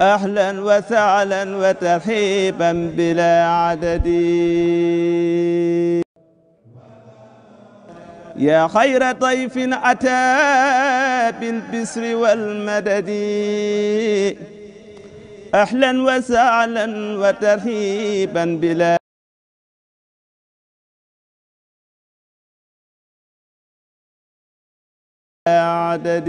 أهلا وسهلا وترحيبا بلا عدد يا خير ضيف أتى بالبسر والمدد أهلا وسهلا وترحيبا بلا عدد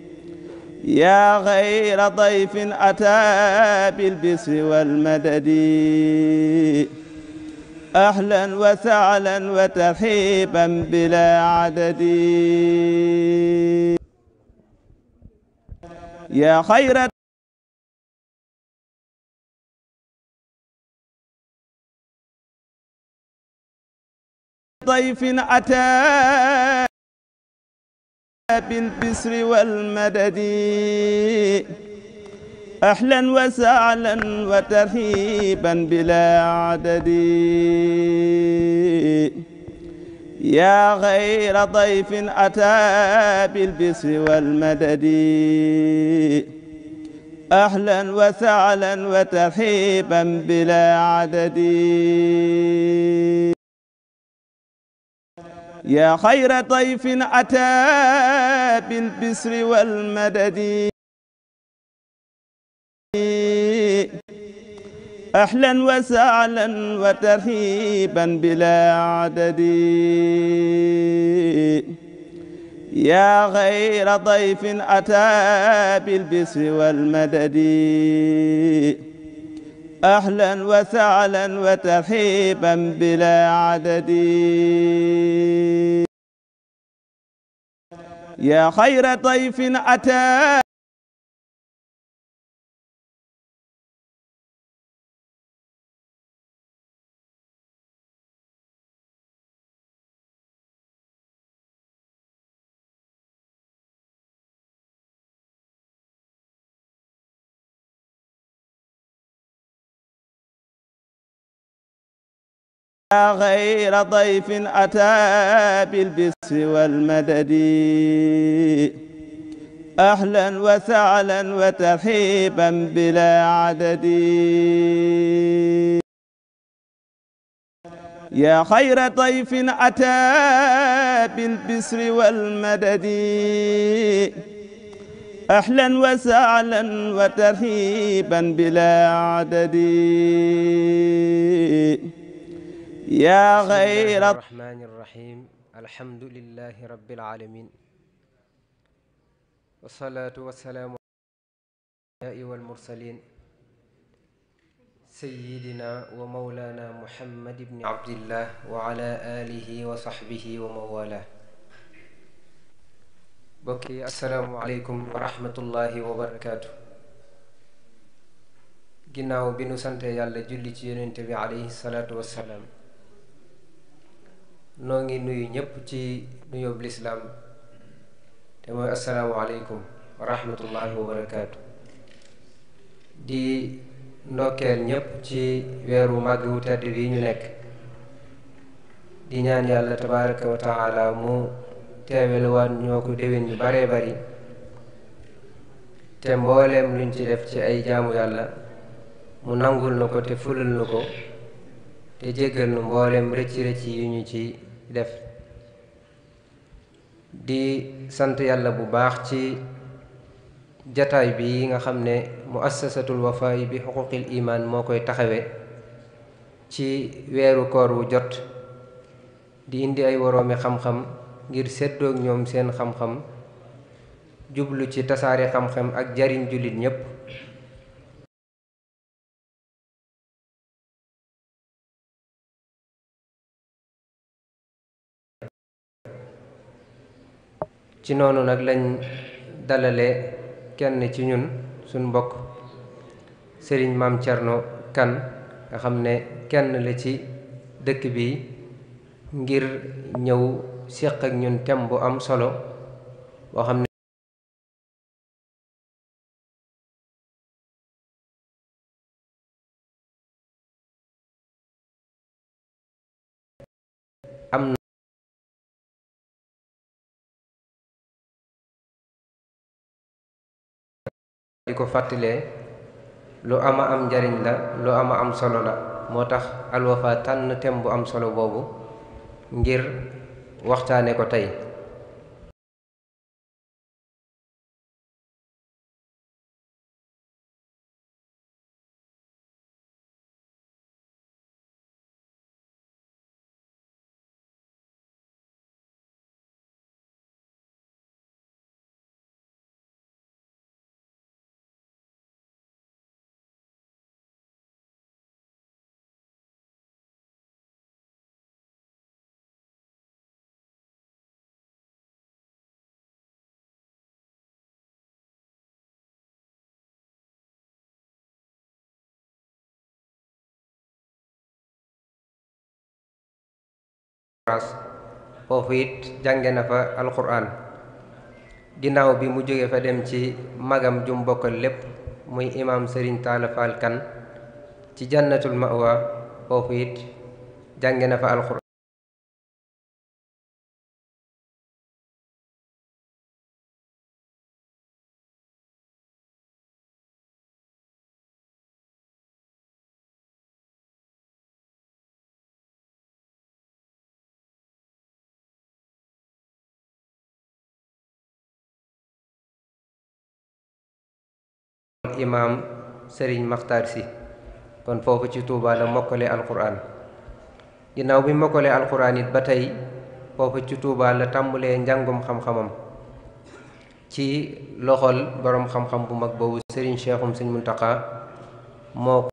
yaa xayra dayfin ataa bil bisri wal madadi ahlan wa sahlan wa tarxiiban bilaa adadi yaa xayra dayfin ataa بالبسر والمدد أهلا وسهلا وترحيبا بلا عدد يا غير ضيف أتى بالبسر والمدد أهلا وسهلا وترحيبا بلا عدد yaa xayra dayfin ataa bil bisri wal madadi ahlan wa sahlan wa tarhiban bilaa adadi yaa xayra dayfin ataa bil bisri wal madadi أهلا وسهلا وترحيبا بلا عدد يا خير ضيف أتى غير ضيف أتى بالبسر والمدد أهلا وسهلا وترحيبا بلا عدد يا خير ضيف أتى بالبسر والمدد أهلا وسهلا وترحيبا بلا عدد yaa xayra rahmaani rahim alhamdulillahi rabbil alamin wasalaatu wasalaamu wal mursalin sayyidina wa mawlana muhammad ibni abdillah wa ala alihi wa sahbihi wa mawala bokk yi asalaamu aleykum wa rahmatullahi wa barakaatu ginnaaw bi nu sante yàlla julli ci yonente bi alayhi salaatu wassalaam noo ngi nuyu ñëpp ci nuyoob lislaam te mooy asalaamualeykum wa rahmatullahi wa barakaatu di ndokkeel ñépp ci weer wu màgg wu tedd bi ñu nekk di ñaan yàlla tabaraka wa taala mu teewel waan ñoo ko déwén yu baree bari te mbooleem luñ ci def ci ay jaamu yàlla mu nangul na ko te fulal na ko te jéggal nu mbooleem rëcci rëcci yu ñu ci def di sant yàlla bu baax ci jataay bi nga xam ne muassasatul wafaay bi xuquqil imaan moo koy taxawe ci weeru koor wu jot di indi ay woroomi xam-xam ngir seddoog ñoom seen xam-xam jublu ci tasaare xam-xam ak jariñ jullit ñépp ci noonu nag lañ dalale kenn ci ñun suñ mbokk sëriñ maam Thierno kann nga xam ne kenn la ci dëkk bi ngir ñëw séq ak ñun thème bu am solo boo xam ne di ko fàttalee lu ama am njariñ la lu ama am solo la moo tax Al Wafa tànn thème bu am solo boobu ngir waxtaane ko tey France foofu it na fa alquran ginnaaw bi mu jóge fa dem ci magam jum bokkal lépp muy imam Serigne Talla Fall ci jannatul mawa foofu it jànge na fa alquran imaam Serigne Makhtar si kon foofu ci Touba la mokkale alquran ginnaaw bi mokkalee alquran it ba tey foofu ci Touba la tàmbulee njàngum xam-xamam ci loxol boroom xam-xam bu mag boobu Serigne Cheikhum Serigne Mountakha moo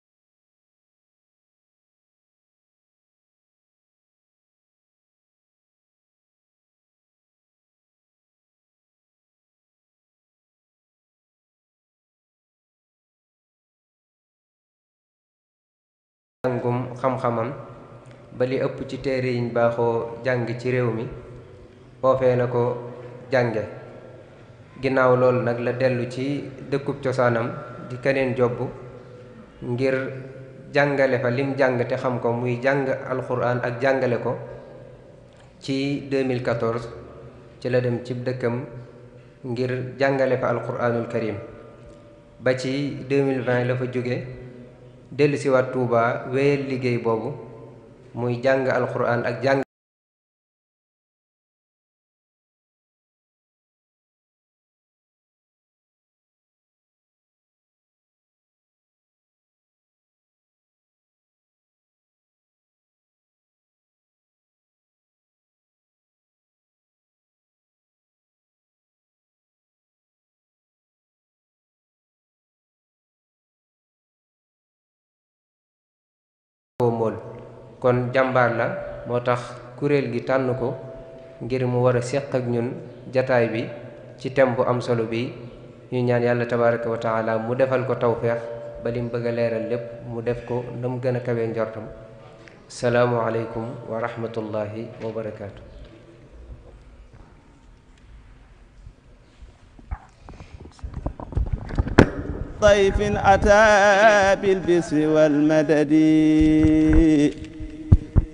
njàngum xam-xamam ba li ëpp ci téere yiñ baaxoo jàng ci réew mi foofee la ko jànge ginnaaw loolu nag la dellu ci dëkkub cosaanam di keneen jobb ngir jàngale fa lim jàng te xam ko muy jàng alxuraan ak jàngale ko ci 2014 ci la dem ci dëkkam ngir jàngale fa alxuraanul karim ba ci la fa jóge dellusiwaat Touba wéyal liggéey boobu muy jàng alxuraan ak jàng kon jàmbaar la moo tax kuréel gi tànn ko ngir mu war a séq ak ñun jataay bi ci thème bu am solo bi ñu ñaan yàlla tabaraka wa taala mu defal ko tawfeex ba lim bëgg a leeral lépp mu def ko na mu gën a kawee njortam salaamualeykum wa rahmatullahi wa barakaatu. ضيف أتى بالبسر والمدد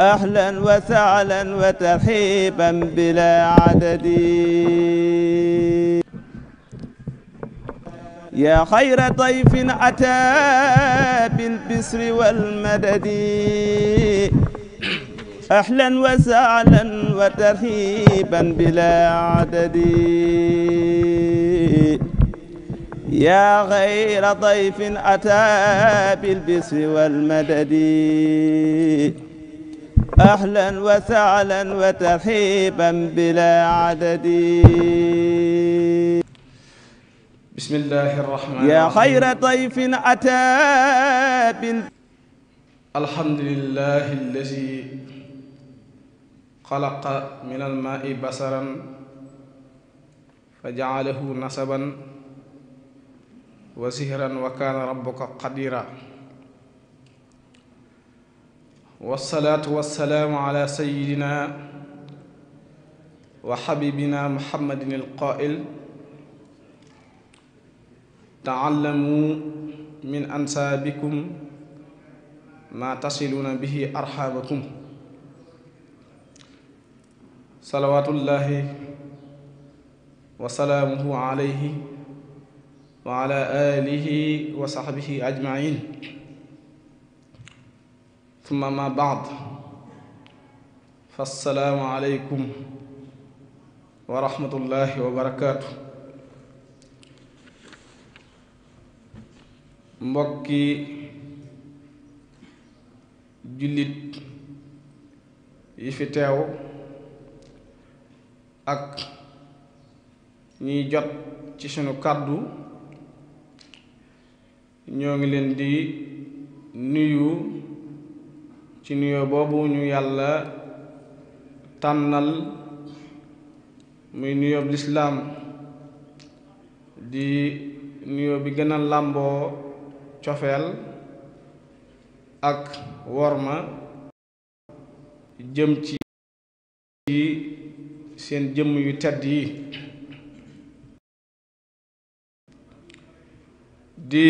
أهلا وسهلا وترحيبا بلا عدد يا خير ضيف أتى بالبسر والمدد أهلا وسهلا وترحيبا بلا عدد يا غير ضيف أتى بالبسر والمدد أهلا وسهلا وترحيبا بلا عدد بسم الله الرحمن الرحيم يا خير طيف أتى بال... الحمد لله الذي خلق من الماء بصرا فجعله نسبا وسهرا وكان ربك قديرا wasalaatu wasalaamu ala sayidina wa xabibina muhammadin alqaail taallamu min ansaabikum maa tasiluuna bihi arxaabakum salawaatullahi wa salaamuhu alayhi wa ala aalihi wa saxbihi ajmain summa ma baad fa assalaamu aleykum wa wa barakaatu mbokki jullit yi fi teew ak ñiy jot ci sunu kàddu ñoo ngi leen di nuyu ci nuyoo boobu ñu yàlla tànnal muy nuyoob lislaam di nuyoo bi gën a làmboo cofeel ak worma jëm ci seen jëmm yu tedd yi di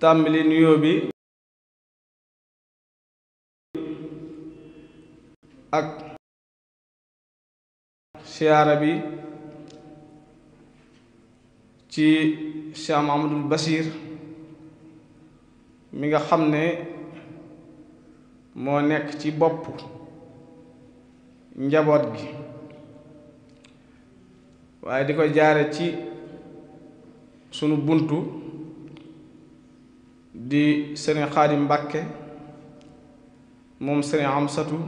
tàmbali nuyo bi ak siyaara bi ci Cheikh Mahamadul Basir mi nga xam ne moo nekk ci bopp njaboot gi waaye di ko jaare ci sunu buntu di sëriñ xaadim mbàkke moom sëriñ amsatu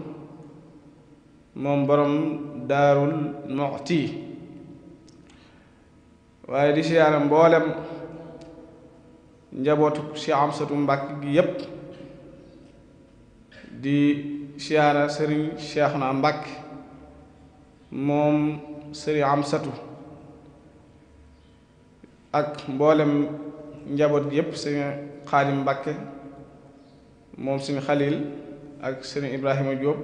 moom borom daarul muxti waaye di siyaare mboolem njabootu si amsatu mbàkke gi yépp di siyaara sëriñ Seexuna mbàkke moom sëriñ amsatu ak mboolem njaboot yépp sëriñ xaadim mbàkke moom suñu xalil ak sëriñ ibrahima jóob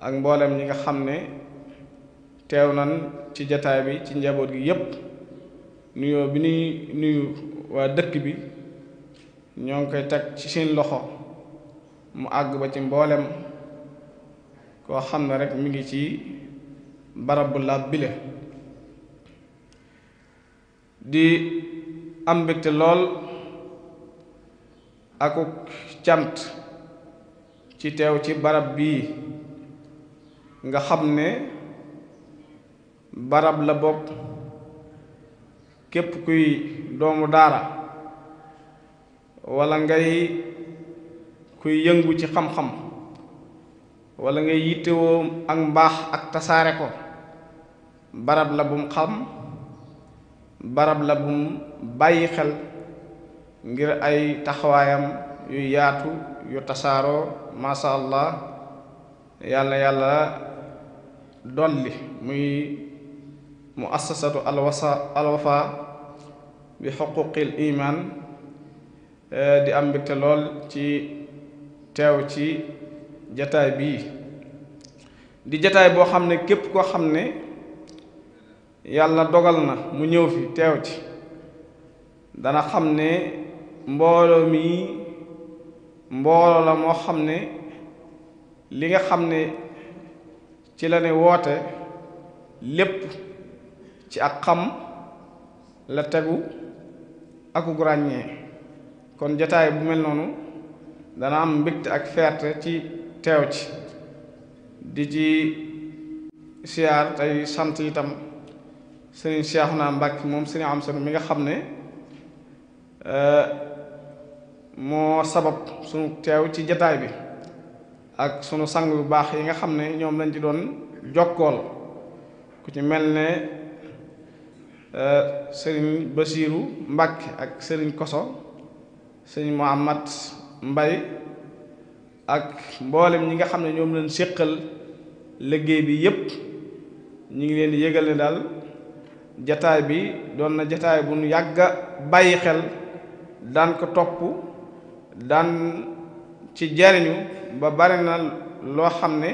ak mboolem ñi nga xam ne teew nan ci jataay bi ci njaboot gi yépp nuyoo bi nuy nuyu waa dëkk bi ñoo ngi koy teg ci seen loxo mu àgg ba ci mboolem koo xam ne rekk mu ngi ci barab bu làab bile di am mbégte lool akuk cant ci teew ci barab bii nga xam ne barab la bopp képp kuy doomu daara walla ngay kuy yëngu ci xam-xam walla ngay yittewoo ak mbaax ak tasaare ko barab la bum xam barab la bum bàyyi xel ngir ay taxawaayam yu yaatu yu tasaaroo masha allah yàlla yàlla dolli muy mu assasatu alwasa alwafa bi xuquqil iman eh, di am mbégte lool ci teew ci jataay bii di jataay boo xam ne képp koo xam ne yàlla dogal na mu ñëw fi teew ci dana xam ne mbooloo mii mbooloo la moo xam ne li nga xam ne ci la ne woote lépp ci ak xam la tegu akug ràññee kon jataay bu mel noonu dana am mbégte ak ferte ci teew ci di ci siyaar tey sant itam sëriñ Cheikhouna Mbacke moom sëriñ am sëriñ mi nga xam ne euh, moo sabab suñu teew ci jataay bi ak sunu sang bu baax yi nga xam ne ñoom lañ ci doon jokkoon ku ci mel ne euh, sëriñ Basiiru Mbàkke ak sëriñ Koso sëriñ Muhammad Mbay ak mboolem ñi nga xam ne ñoom lañ séqal liggéey bi yépp ñu ngi leen di yëgal ne daal jataay bi doon na jataay bu nu yàgga bàyyi xel daan ko topp daan ci jariñu ba bari na loo xam ne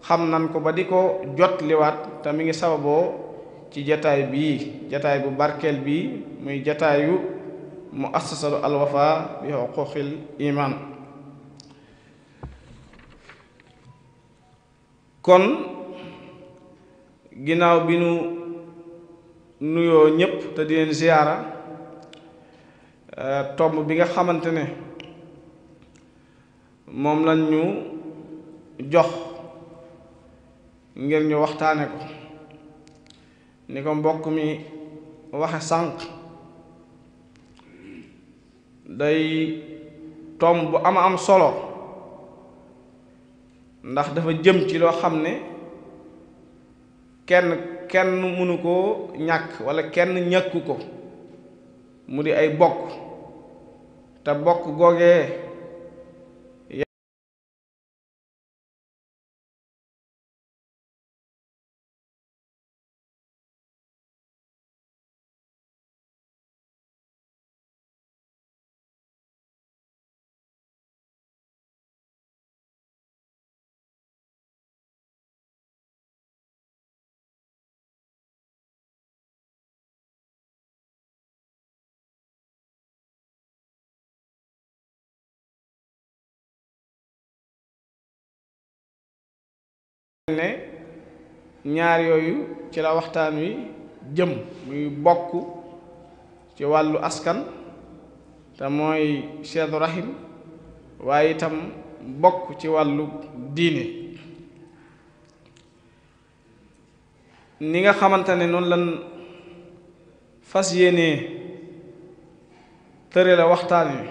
xam nan ko ba di ko jot liwaat te mi ngi sababoo ci jataay bii jataay bu barkeel bii muy jataayu mu assasatu alwafa bi xuquqil iman kon ginnaaw bi nu nuyoo ñëpp te di ziyaara eh, tomb bi nga xamante ne moom lañ ñu jox ngir ñu waxtaane ko ni ko mbokk mi waxe sànq day tomb bu ama am solo ndax dafa jëm ci loo xam ne kenn kenn mënu koo ñàkk walla kenn ñàkku ko mu di ay bokk te bokk googee ne ñaar yooyu ci la waxtaan wi jëm muy bokk ci wàllu askan te mooy seetu rahim waaye itam bokk ci wàllu diine ni nga xamante ne noonu lan fas yéenee tëre la waxtaan wi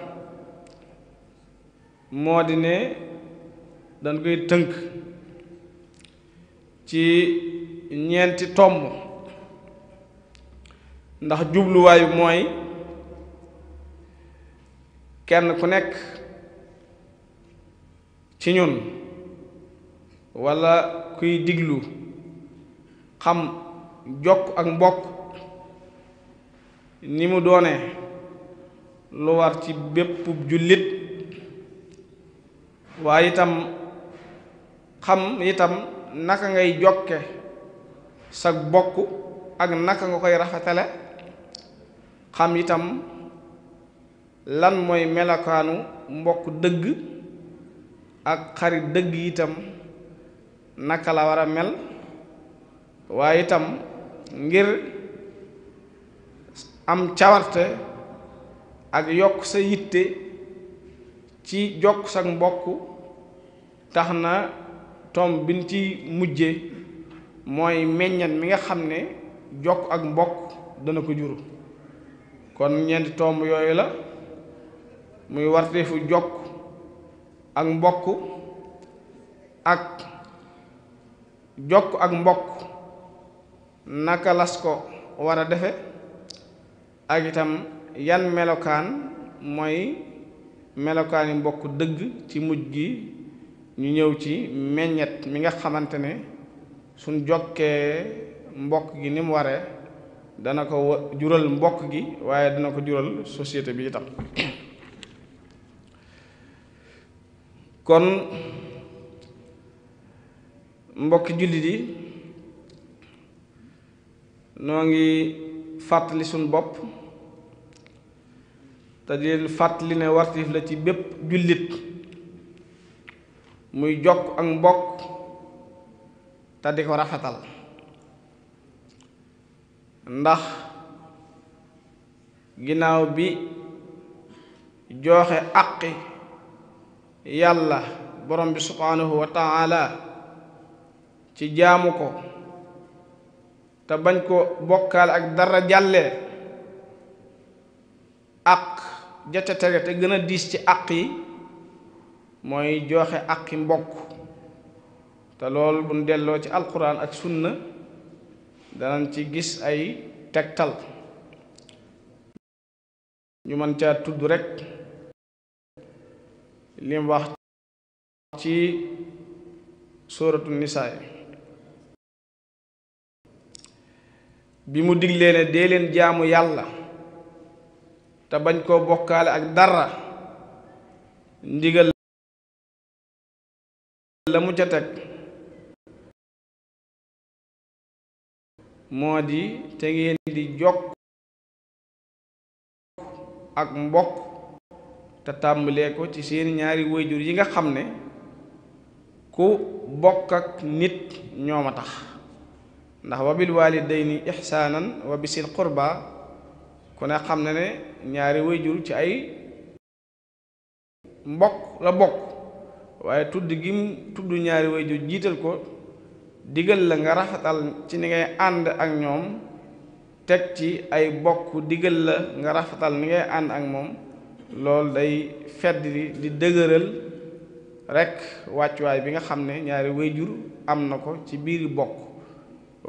moo di ne dañ koy tënk ci ñeenti tomb ndax jubluwaayu mooy kenn ku nekk ci ñun walla kuy diglu xam jokk ak mbokk ni mu doone lu war ci bépp jullit waaye itam xam itam naka ngay jokke sa bokk ak naka nga koy rafetale xam itam lan mooy melokaanu mbokk dëgg ak xarit dëgg itam naka la war a mel waaye itam ngir am cawarte ak yokk sa yitte ci jokk sa mbokk tax na tomb biñ ci mujje mooy meññan mi nga xam ne jokk ak mbokk dana ko juru kon ñeenti tomb yooyu la muy warteefu jokk ak mbokk ak jokk ak mbokk naka las ko war a defe ak itam yan melokaan mooy melokaani mbokk dëgg ci mujj gi ñu ñëw ci meññet mi nga xamante ne suñ jokkee mbokk gi ni mu waree dana ko jural mbokk gi waaye dana ko jural société bi itam kon mbokki jullit yi noo ngi fàttali suñ bopp te di fàttali ne wartif la ci bépp jullit muy jokk ak mbokk te di ko rafetal ndax ginnaaw bi joxe àqi yàlla borom bi subhaanahu wa ci jaamu ko te bañ ko bokkal ak dara jàllee àq ja ca tege te gën a diis ci àq yi mooy joxe aqi mbokk te lool bu ñu delloo ci alquran ak sunna danañ ci gis ay tegtal ñu mën caa tudd rekk lim wax ci sóoratu nisaa bi mu diglee ne dee leen jaamu yàlla te bañ koo bokkaale ak dara ndigal la mu ca teg moo di te ngeen di jokk ak mbokk te tàmbalee ko ci seen ñaari wayjur yi nga xam ne ku bokk ak nit ñooma tax ndax wa bil walidayni ihsaanan wa bisil qurba ku ne xam ne ne ñaari wayjur ci ay mbokk la bokk waaye tudd gim tudd ñaari waajur jiital ko digal la nga rafetal ci ni ngay ànd ak ñoom teg ci ay bokk digal la nga rafetal ni ngay ànd ak moom lool day fedd di dëgëral rekk wàccuwaay bi nga xam ne ñaari waajur am na ko ci biiri bokk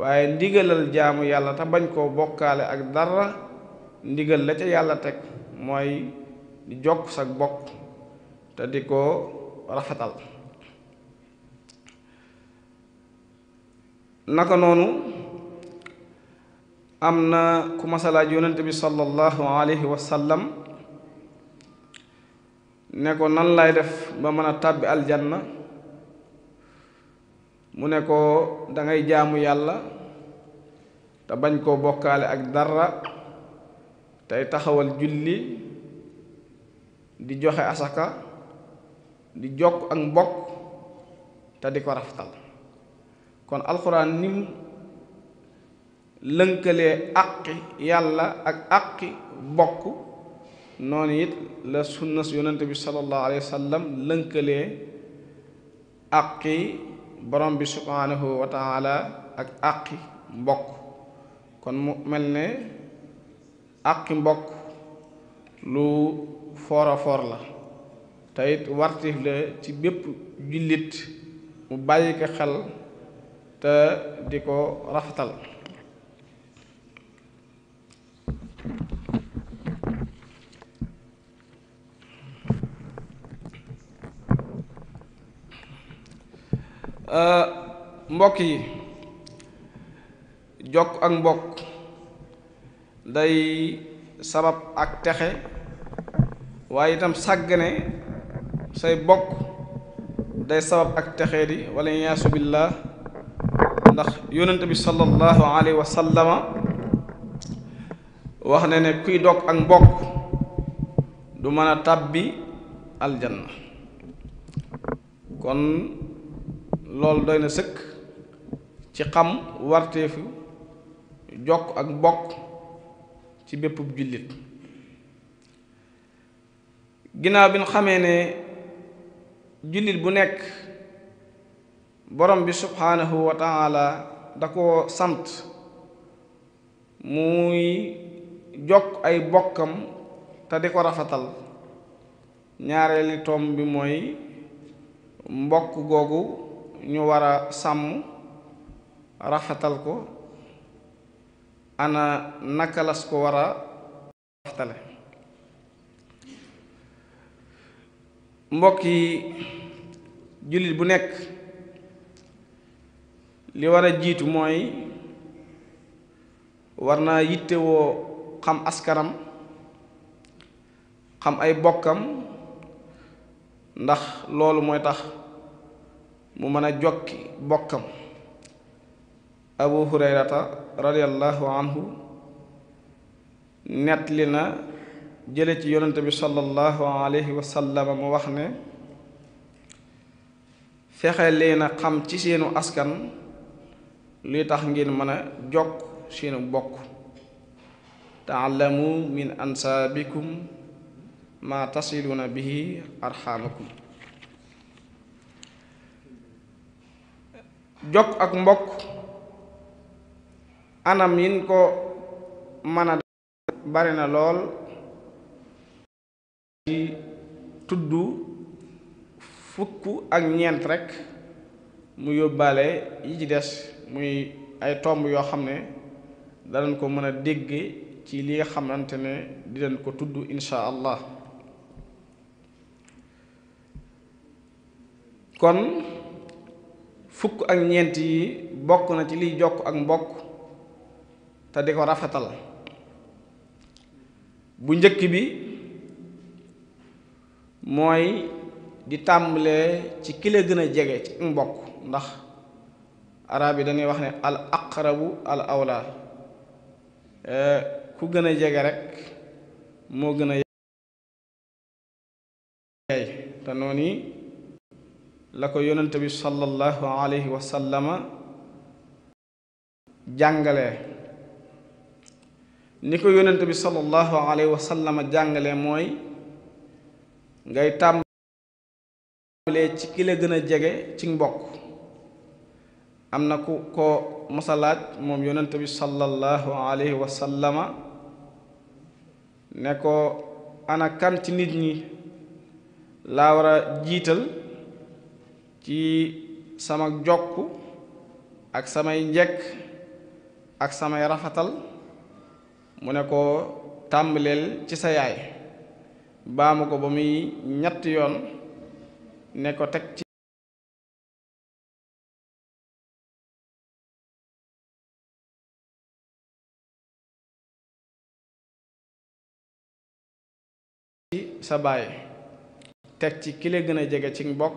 waaye ndigalal jaamu yàlla te bañ koo bokkaale ak dara ndigal la ca yàlla teg mooy di jokk bokk te di ko rafetal naka noonu am na ku masalaaj yonent bi sallallahu alayhi wa sallam ne ko nan laay def ba mën a tàbbi aljanna mu ne ko dangay jaamu yàlla te bañ koo bokkaale ak dara tey taxawal julli di joxe asaka di jokk ak mbokk te di ko rafetal kon alxuraan ni mu àqi yàlla ak àqi bokk noonu it la sunna su bi sallallahu alayhi wa sallam lënkalee àqi borom bi subhaanahu wa ak àqi mbokk kon mu mel ne àqi mbokk lu foora foor la te it ci bépp jullit mu bàyyi ko xel te di ko rafetal mbokk yi jokk ak mbokk day sabab ak texe waaye itam sàggane say bokk day sabab ak texee di wala yaasu billah ndax yonent bi sallallahu alayhi wa wax ne ne kuy dog ak mbokk du mën a tàbbi aljanna kon loolu doy na sëkk ci xam warteefu jokk ak mbokk ci bépp jullit ginnaaw bi ñu xamee ne jullit bu nekk borom bi subhaanahu wa taala da koo sant muy jokk ay bokkam te di ko rafetal ñaareeli tomb bi mooy mbokk googu ñu war a sàmm rafetal ko ana naka las ko war a rafetale mbokk yi jullit bu nekk li war a jiitu mooy war naa yittewoo xam askaram xam ay bokkam ndax loolu mooy tax mu mën a jokki bokkam abu hurayrata radiallahu anhu nettali na jële ci yonante bi sallallahu alayhi wa mu wax ne fexe leen xam ci seenu askan li tax ngeen mën a jokk seenu bokk taallamu min ansaabikum ma tasiluna bihi arxaamakum jokk ak mbokk anam yin ko mën bare na lool ci tudd fukk ak ñeent rekk mu yóbbaale yi ci des muy ay tomb yoo xam ne danañ ko mën a dégg ci li nga xamante ne di dinañ ko tudd insha allah kon fukk ak ñeent yi bokk na ci liy jokk ak mbokk te di ko rafetal bu njëkk bi mooy di tàmbalee ci ki la gën a jege ci mbokk ndax arab yi dañuy wax ne al aqrabu al awla eh, ku gën a jege rek moo gën a yaay te noonu la ko yonent bi sallallahu alayhi wa sallama jàngalee ni ko yonent bi sallallahu alayhi wa sallama jàngalee mooy ngay tàmbalee ci ki la gën a jege ci mbokk am na ku ko masalaaj moom yonent bi sallallahu alayhi wa sallama ne ko ana kan ci nit ñi laa war a jiital ci sama jokk ak samay njekk ak samay rafatal mu ne ko tàmbaleel ci sa yaay baamu ko ba muy ñetti yoon ne ko teg ci sa baay teg ci ki la jege ci mbokk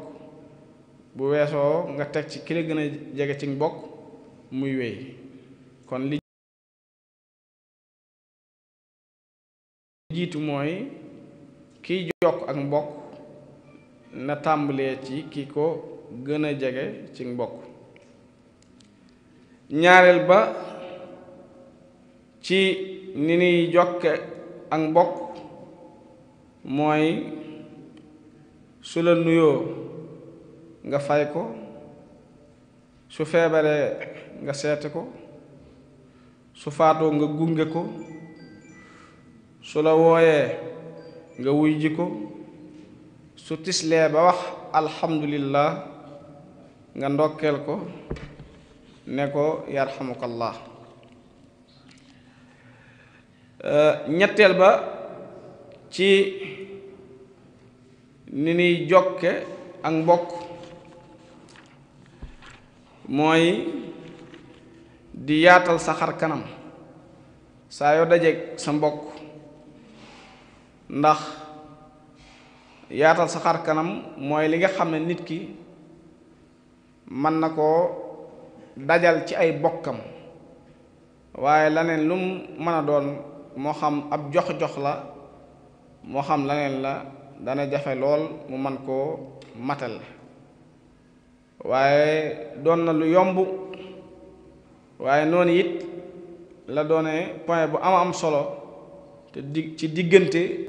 bu weesoo nga teg ci ki la gën a jege ci mbokk muy wéy kon li jiitu mooy kiy jokk ak mbokk na tàmbalee ci ki ko gën a jege ci mbokk ñaareel ba ci ni ñuy jokke ak mbokk mooy su la nuyoo nga fay ko su feebaree nga seete ko su faatoo nga gunge ko su la wooyee nga wuy ji ko su tislee ba wax alhamdulillah nga ndokkeel ko ne ko yarhamukallah ñetteel ba ci ni ñuy jokke ak mbokk mooy di yaatal sa xar kanam saa yoo dajeeg sa mbokk ndax yaatal sa xar kanam mooy li nga xam ne nit ki mën na koo dajal ci ay bokkam waaye laneen lum mën a doon moo xam ab jox-jox la moo xam laneen la dana jafe lool mu man koo matal waaye doon na lu yomb waaye noonu it la doone point bu am am solo te di ci diggante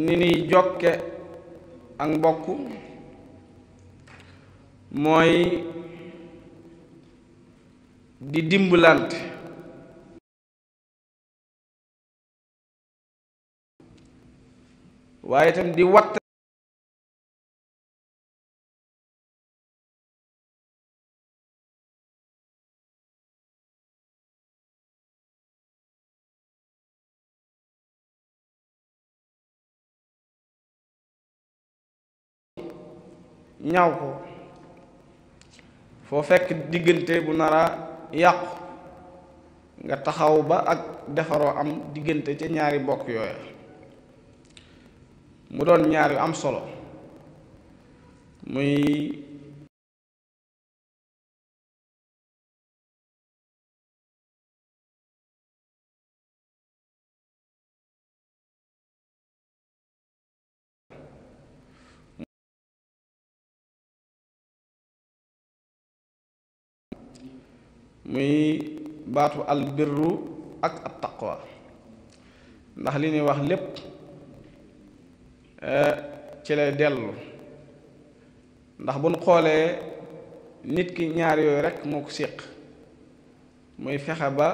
ni nuy jokke ak mbokk mooy di dimbalant waaye itam di watt ñaw ko foo fekk diggante bu nara yàqu nga taxaw ba ak defaroo am diggante ca ñaari bokk yooya mu doon ñaar am solo muy muy baatu àll albirru ak at taqwa ndax li ñuy wax lépp eh, ci lay dellu ndax bu buñ xoolee nit ki ñaar yooyu rekk moo ko séq muy fexe ba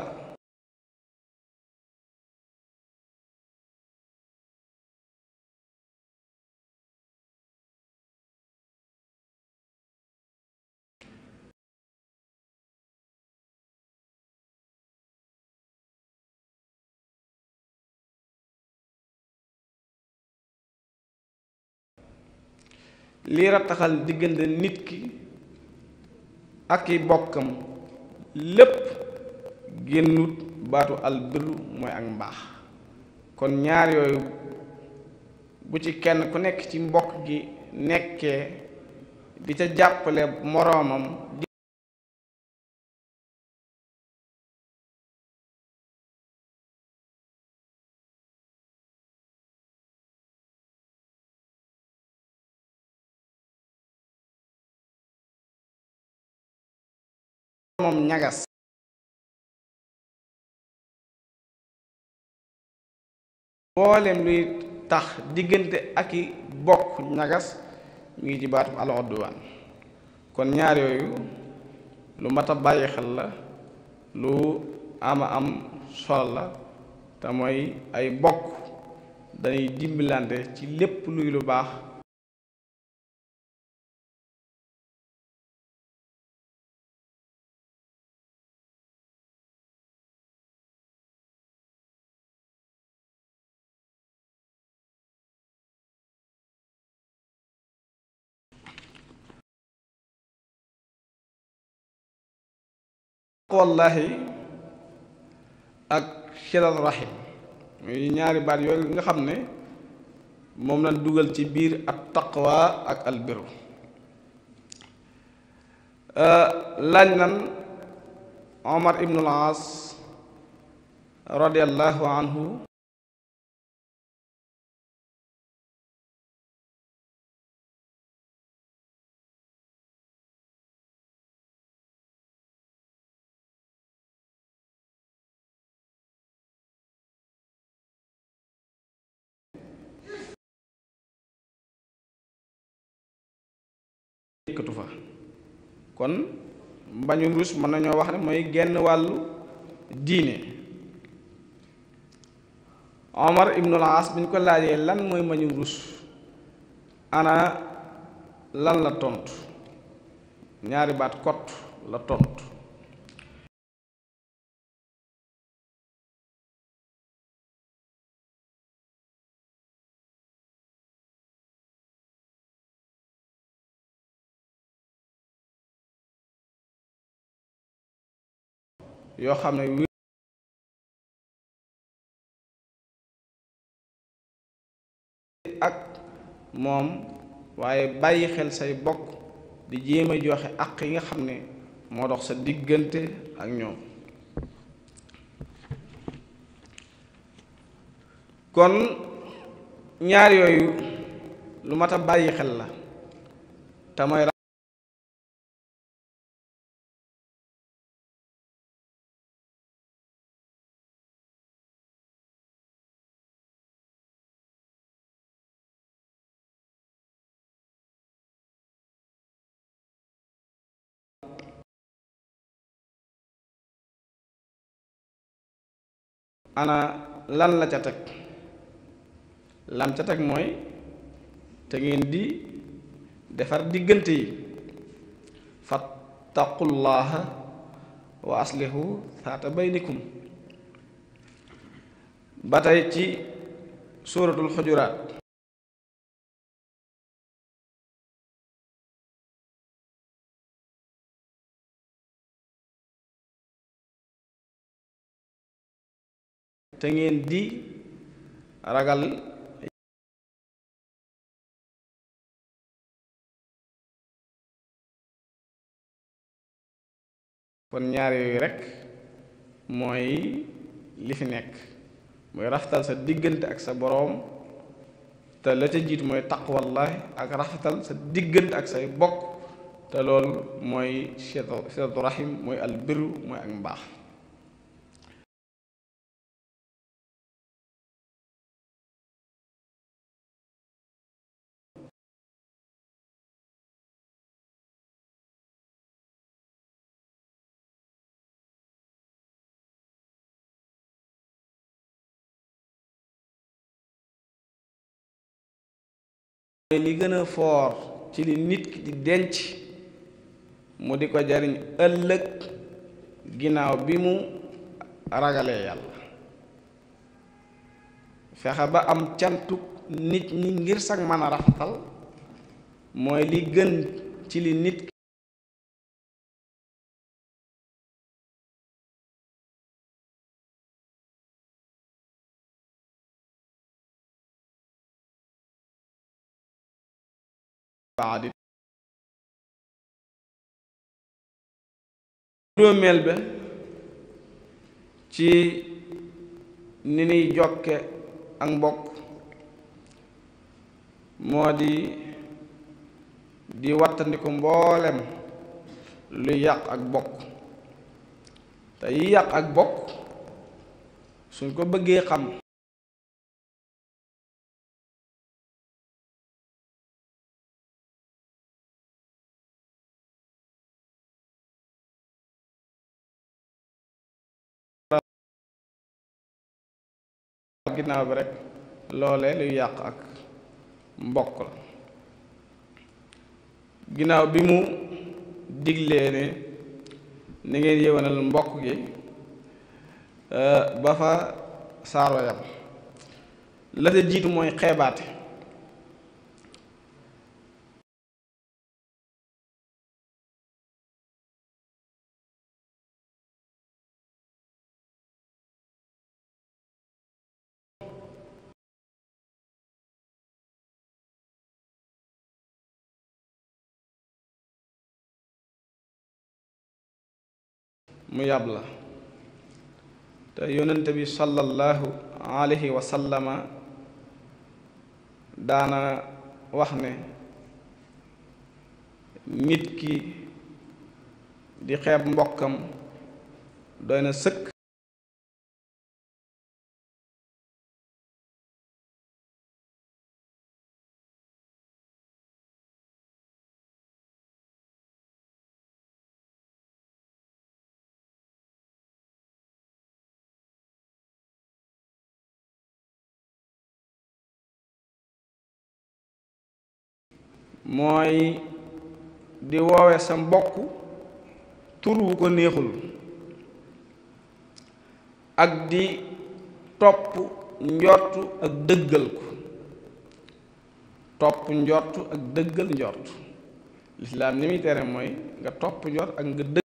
li rattaxal diggante nit ki ak i bokkam lépp génnut baatu albirru mooy ak mbaax kon ñaar yooyu bu ci kenn ku nekk ci mbokk gi nekkee di ca jàppale moroomam moom ñagas mboolem luy tax diggante ak i bokk ñagas mu ngi ci baatum al udwaan kon ñaar yooyu lu mat a bàyyi xel la lu ama am solo la te mooy ay bokk dañuy dimbalante ci lépp luy lu baax wallahi ak xilal rahim muy ñaari baat yooyu nga xam ne moom lañ dugal ci biir at taqwa ak albiru euh, laaj nan omar ibnul aas radiallahu anhu nekkatu fa kon mbañum rus mën nañoo wax ne mooy genn wàllu diine omar ibnul aas bi ñu ko laajee lan mooy mbañum rus ana lan la tontu ñaari baat kott la tontu yoo xam ne ak moom waaye bàyyi xel say bokk di jéem a joxe àq yi nga xam ne moo dox sa diggante ak ñoom kon ñaar yooyu lu mat a bàyyi xel la te mooy ana lan la ca teg lam ca teg mooy te ngeen di defar diggante yi fattaqullaha wa aslihu saata baynikum ba tey ci suuratul xujuraat te ngeen di ragal kon ñaar yooyu rekk mooy li fi nekk mooy rafetal sa diggante ak sa boroom te la ca jiit mooy taqwallahi ak rafetal sa diggante ak say bokk te loolu mooy silatu rahim mooy albiru mooy ak mbaax mooy li gën a foor ci li nit ki di denc mu di ko jariñ ëllëg ginnaaw bi mu ragalee yàlla fexe ba am cantuk nit ñi ngir sag mën a rafetal mooy li gën ci li nit baadi juróomeel ba ci ni nuy jokke ak mbokk moo di di wattandiku mboolem luy yàq ak bokk te yi yàq ak bokk suñ ko bëggee xam ginnaaw bi rek loole luy yàq ak mbokk la ginnaaw bi mu diglee ne ni ngeen yëwanal mbokk gi euh, ba fa saaro yam la ca jiitu mooy xeebaate mu yàb la te yonent bi sallallahu alayhi wa daana wax ne nit ki di xeeb mbokkam doy na sëkk mooy di woowee sa mbokk turwu ko neexul ak di topp njort ak dëggal ko topp njortu ak dëggal njort lislaam ni muy tere mooy nga topp njort ak nga dëgg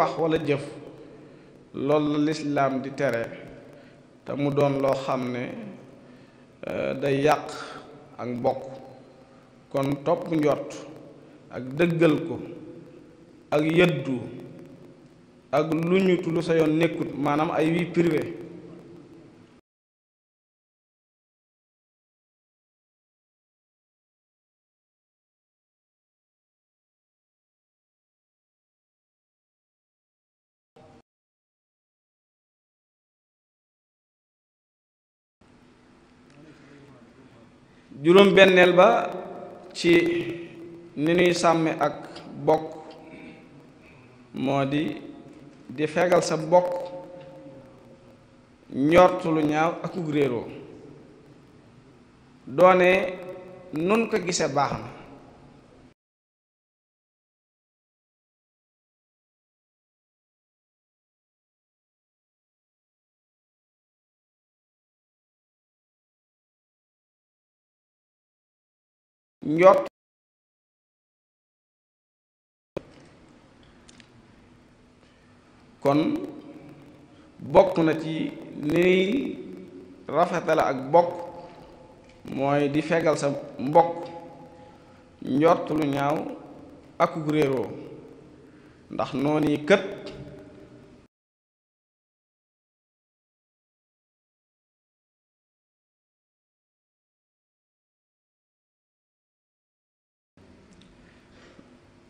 wax wala jëf loolu la lislaam di tere te mu doon loo xam ne euh, day yàq ak mbokk kon topp njot ak dëggal ko ak yëddu ak lu luñutu lu sa yoon nekkut maanaam ay vie privée juróom benneel ba ci ni ñuy sàmme ak bokk moo di di fegal sa bokk njortu lu ñaaw akuk réeroo doone nun ko gise baax na njort kon bokk na ci niy rafetale ak bokk mooy di fegal sa mbokk njort lu ñaaw akuk réeroo ndax noonu kët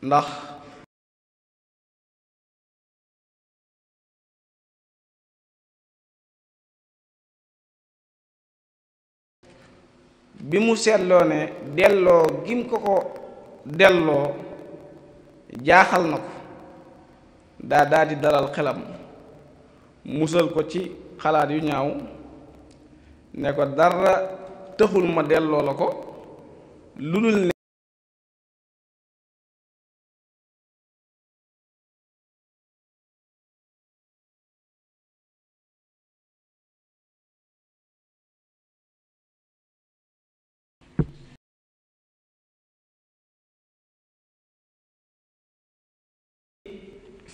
ndax bi mu seetloo ne delloo gim ko ko delloo jaaxal na ko daa daal di dalal xelam musal ko ci xalaat yu ñaaw ne ko dara taxul ma delloo la ko lu dul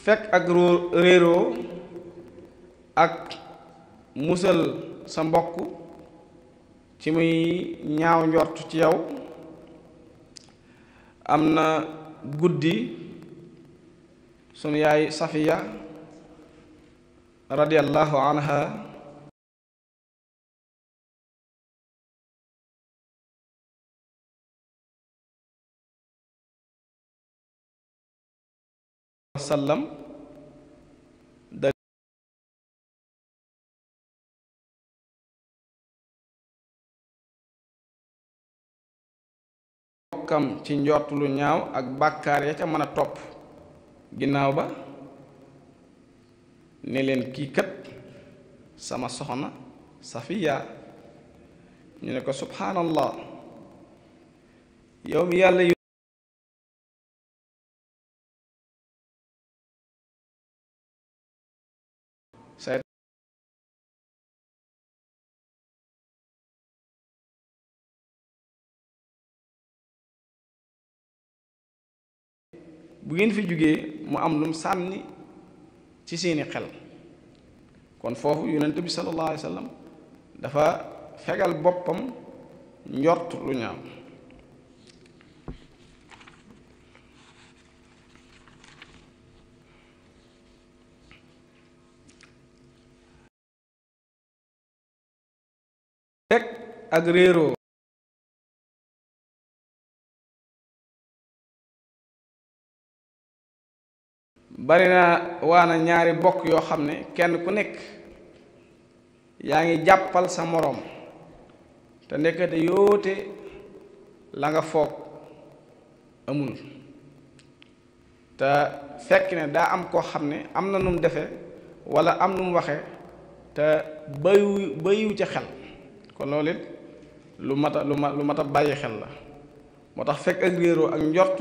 fekk ak réeroo ak musal sa mbokk ci muy ñaaw njort ci yow am na guddi sunu yaay safiya radiyallahu anha wasallam bokkam ci njort lu ñaaw ak bàkkaar ya ca mën a topp ginnaaw ba ni leen kii kat sama soxna safiya ñu ne ko subhaanallah yow mi yàlla said bu ngeen fi jógee mu am lum sànni ci seeni xel kon foofu yonent bi sallallahu alayhi dafa fegal boppam njort lu ñaaw ak réeroo bari na waana ñaari bokk yoo xam ne kenn ku nekk yaa ngi jàppal sa moroom te nekkate yóote la nga foog amul te fekk ne daa am koo xam ne am na nu defe walla am nu waxe te bayu bayu ca xel kon loolu lu mata lu ma lu mat a bàyyi xel la moo tax fekk ak réeroo ak njort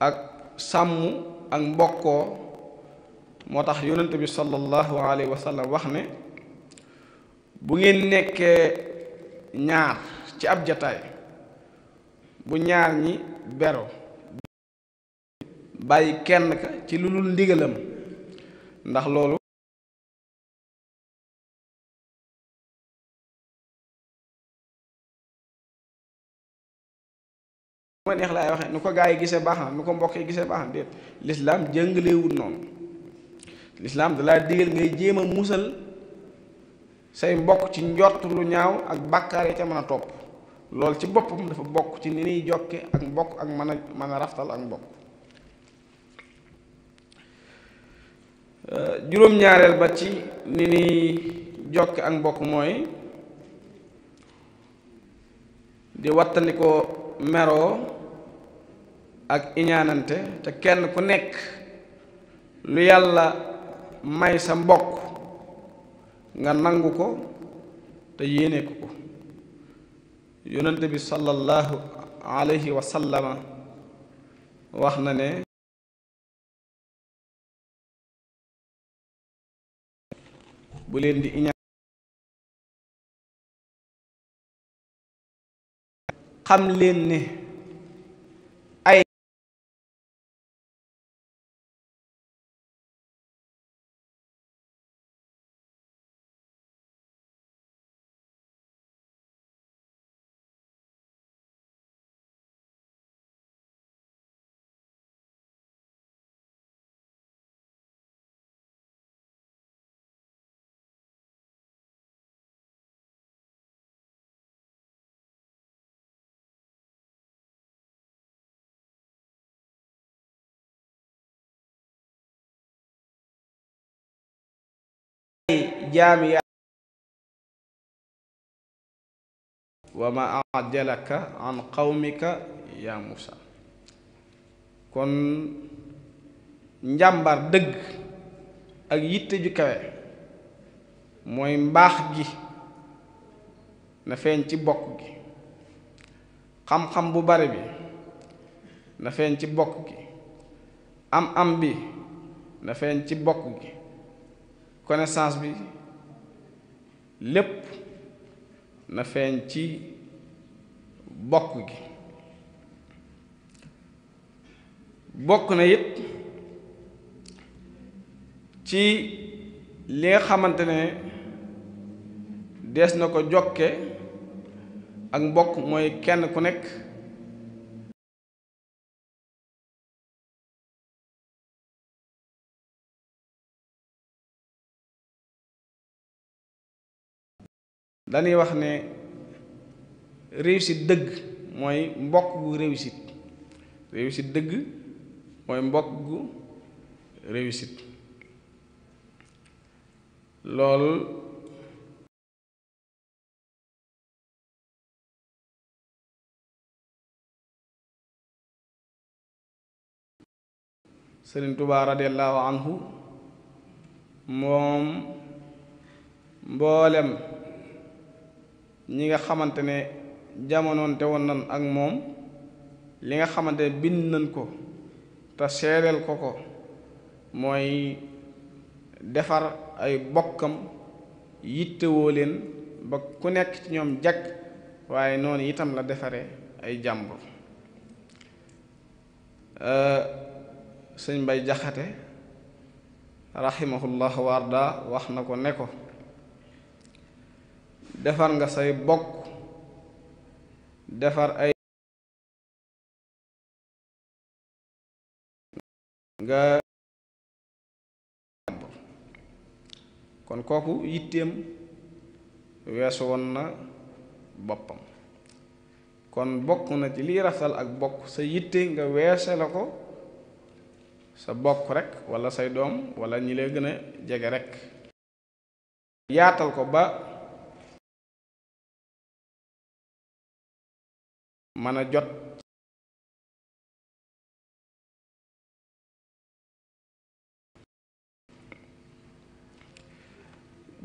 ak sàmm ak mbokkoo moo tax yonent bi sallallahu alayhi wa wax ne bu ngeen nekkee ñaar ci ab jataay bu ñaar ñi bero bàyyi kenn ka ci lu dul ndigalam ndax loolu ma neex laay waxee nu ko gaa yi gisee baax na nu ko mbokk yi gisee baax na déet lislaam jëngalewul noonu lislaam dalaa digal ngay jéem a musal say mbokk ci njort lu ñaaw ak bàkkaar yi ca mën a topp loolu ci boppam dafa ci ni ñuy mbokk ak mën a ak mbokk euh, juróom-ñaareel ci ni ñuy jokke ak mbokk mooy di wattandikoo meroo ak iñaanante te kenn ku nekk lu yàlla may sa mbokk nga nangu ko te yéene ko ko yonent bi sallallahu alayhi wa wax na ne bu leen di iñaan xam leen ne jaam yi wa ma ajalaka an qawmika yaa Muusa kon njàmbar dëgg ak yitte ju kawe mooy mbaax gi na feeñ ci bokk gi xam-xam bu bari bi na feeñ ci bokk gi am am bi na feeñ ci bokk gi connaissance bi lépp na feeñ ci bokk gi bokk na it ci li nga xamante ne des na ko jokke ak mbokk mooy kenn ku nekk dañuy wax ne réussite dëgg mooy mbokk gu réussite réussite dëgg mooy mbokk gu réussite lool sëriñ Tuubaa radiallahu anhu moom mboolem ñi nga xamante ne jamonoonte woon nan ak moom li nga xamante ne bind nañ ko te seereel ko ko mooy defar ay bokkam yittewoo leen ba ku nekk ci ñoom jàkk waaye noonu itam la defare ay jàmbur euh, sëñ Mbay Jaxate rahimahullah warda wax na ko ne ko defar nga say bokk defar ay nga kon kooku yitteem weesu woon na boppam kon bokk na ci liy rasal ak bokk sa yitte nga weese la ko sa bokk rek wala say doom wala ñi lay gën a jege rek yaatal ko ba mën a jot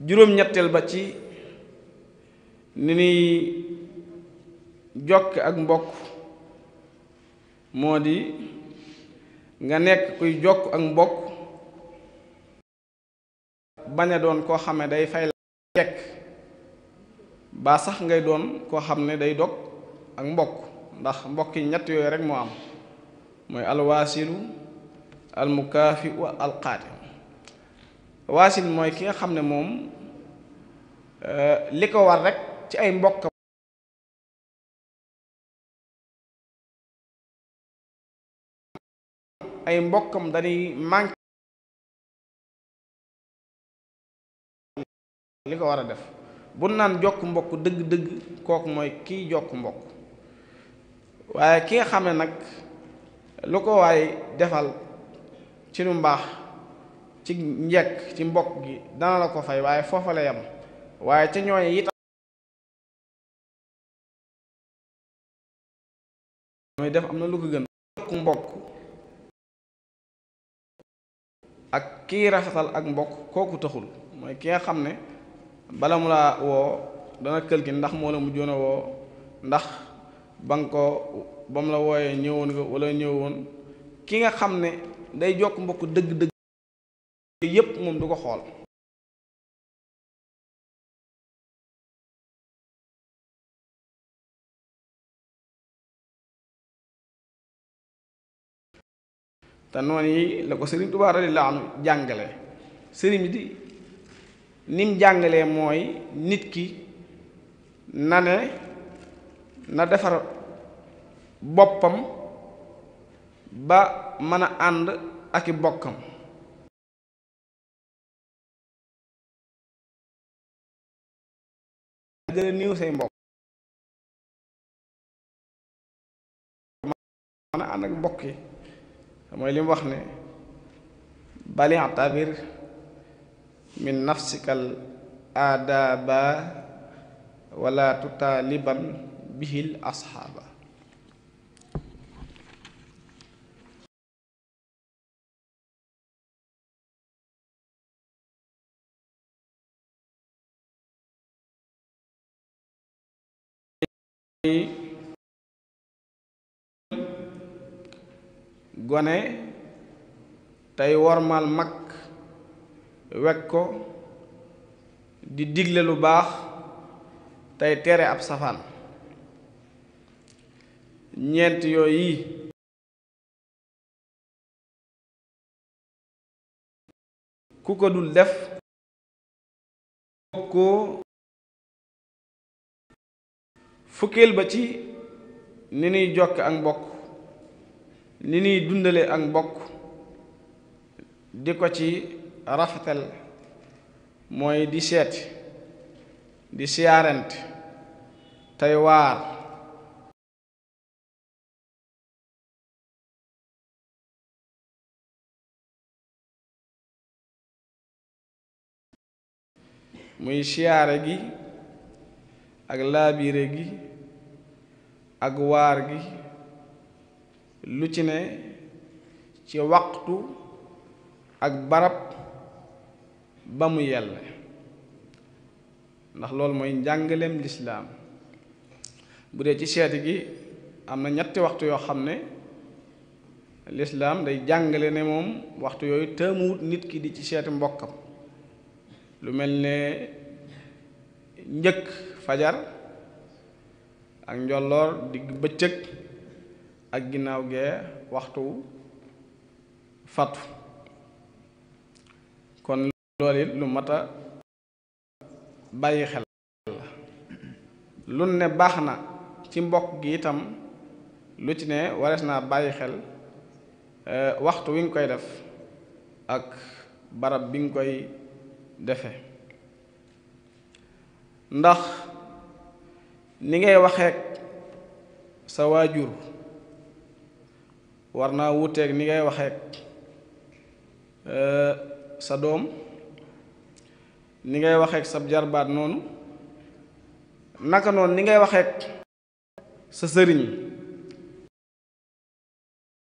juróom-ñetteel ba ci ni nuy jokk ak mbokk moo di nga nekk kuy jokk ak mbokk bañ a doon koo xam ne day fay la tekk baa sax ngay doon koo xam ne day dog ak mbokk ndax mbokk yi ñett yooyu rek moo am mooy alwaasilu almukaafi wa alqaati waasil mooy ki nga xam ne moom euh, li ko war rek ci ay mbokk ay mbokkam dañuy manqué li ko war a def bu naan jokk mbokk dëgg-dëgg kooku mooy kiy jokk mbokk waaye ki nga xam ne nag lu ko waay defal ci lu mbaax ci njekk ci mbokk gi dana la ko fay waaye foofa la yam waaye ca ñooñu itam mooy def am na lu ko gën ku mbokk ak ki rafetal ak mbokk kooku taxul mooy ki nga xam ne bala mu laa woo dana kël gi ndax moo la mujjoon a woo ndax ba nga la wooyee ñëwoon nga wala ñëwoon ki nga xam ne day jokk mbokk dëgg-dëgg yépp moom du ko xool te noonu yi la ko sëriñ Tuubaa radiyallaahu anhu jàngale sëriñ bi nim jàngalee mooy nit ki na ne na defar boppam ba mën a ànd ak i bokkam gën a néew mën a ànd ak mbokk yi mooy li wax ne bali atabir min nafsikal aadaaba wala tutaaliban bihil asxaaba gone tey wormaal mag wekk ko di digle lu baax tey tere ab safaan ñeent yooyu yi ku ko dul def bokkoo fukkeel ba ci ni ñuy jokk ak mbokk ni ñuy dundale ak mbokk di ko ci rafetal mooy di seet di siyaarante tey waar muy siyaare gi ak laabire gi ak waar gi lu ci ne ci waxtu ak barab ba mu yelle ndax loolu mooy njàngaleem lislaam bu dee ci seeti gi am na ñetti waxtu yoo xam ne lislaam day jàngale ne moom waxtu yooyu tëmuwut nit ki di ci seeti mbokkam lu mel ne njëkk fajar ak njolloor digg bëccëg ak ginnaaw gee waxtu fatu kon loolu lu mat a bàyyi xel lu ne baax na ci mbokk gi itam lu ci ne warees naa bàyyi xel e, waxtu wi nga koy def ak barab bi nga koy defe ndax ni ngay waxeek sa waajur war naa wuuteeg ni ngay waxeek euh, sa doom ni ngay waxeek sab jarbaat noonu naka noon ni ngay waxeek sa sëriñ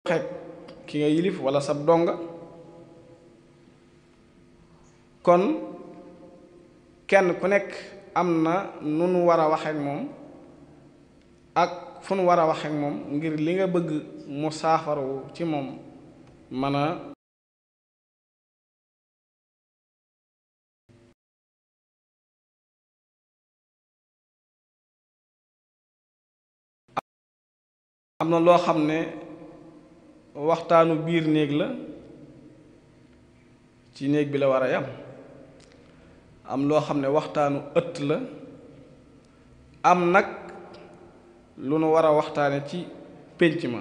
waxeek ki nga yilif walla sab dong kon kenn ku nekk am na nu war a wax moom ak fu war a wax moom ngir li nga bëgg mu saafaru ci moom mën a am na loo xam ne waxtaanu biir néeg la ci néeg bi la war a yam am loo xam ne waxtaanu ëtt la am nag lu nu war a waxtaane ci pénc ma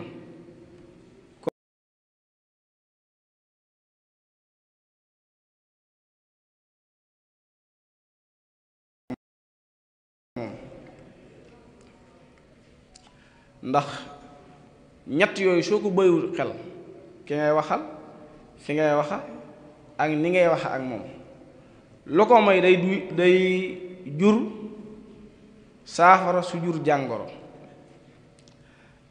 ndax ñett yooyu soo ko bàyyiwul xel ki ngay waxal fi ngay waxa ak ni ngay waxa ak moom lu ko mooy day day jur saafara su jur jàngoro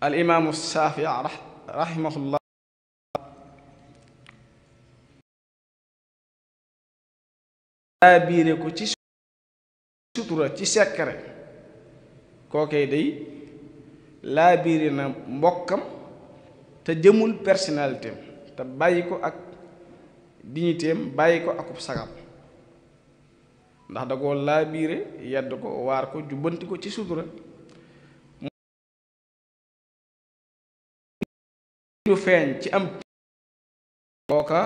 al imaamu saafi rahimahullah daa biire ko ci sutura ci sekkare kookee day laa biire na mbokkam te jëmul personnalité te bàyyi ko ak dignitéem bàyyi ko akub sagam ndax da koo laa biire yedd ko waar ko jubbanti ko ci sutura lu feeñ ci am kooka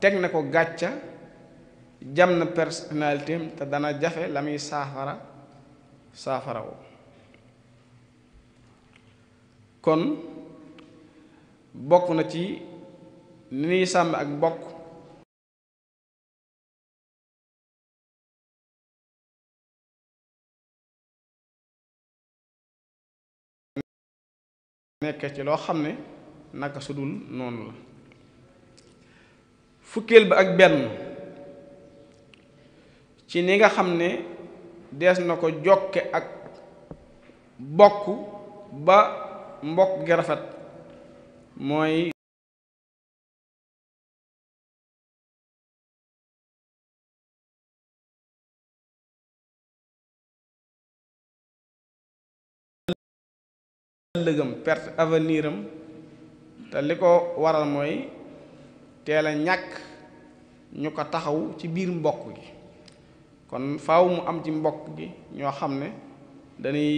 teg na ko gàcca jam na personnalité te dana jafe la muy saafara saafara kon bokk na ci ni ñuy sàmm ak bokk nekk ci loo xam ne naka sudul noonu la fukkeel ba ak benn ci ni nga xam ne dees na ko jokke ak bokk ba mbokk gi rafet mooy ëllëgam perte aveniram te li ko waral mooy teel a ñàkk ñu ko taxaw ci biir mbokk gi kon faw mu am ci mbokk gi ñoo xam ne dañuy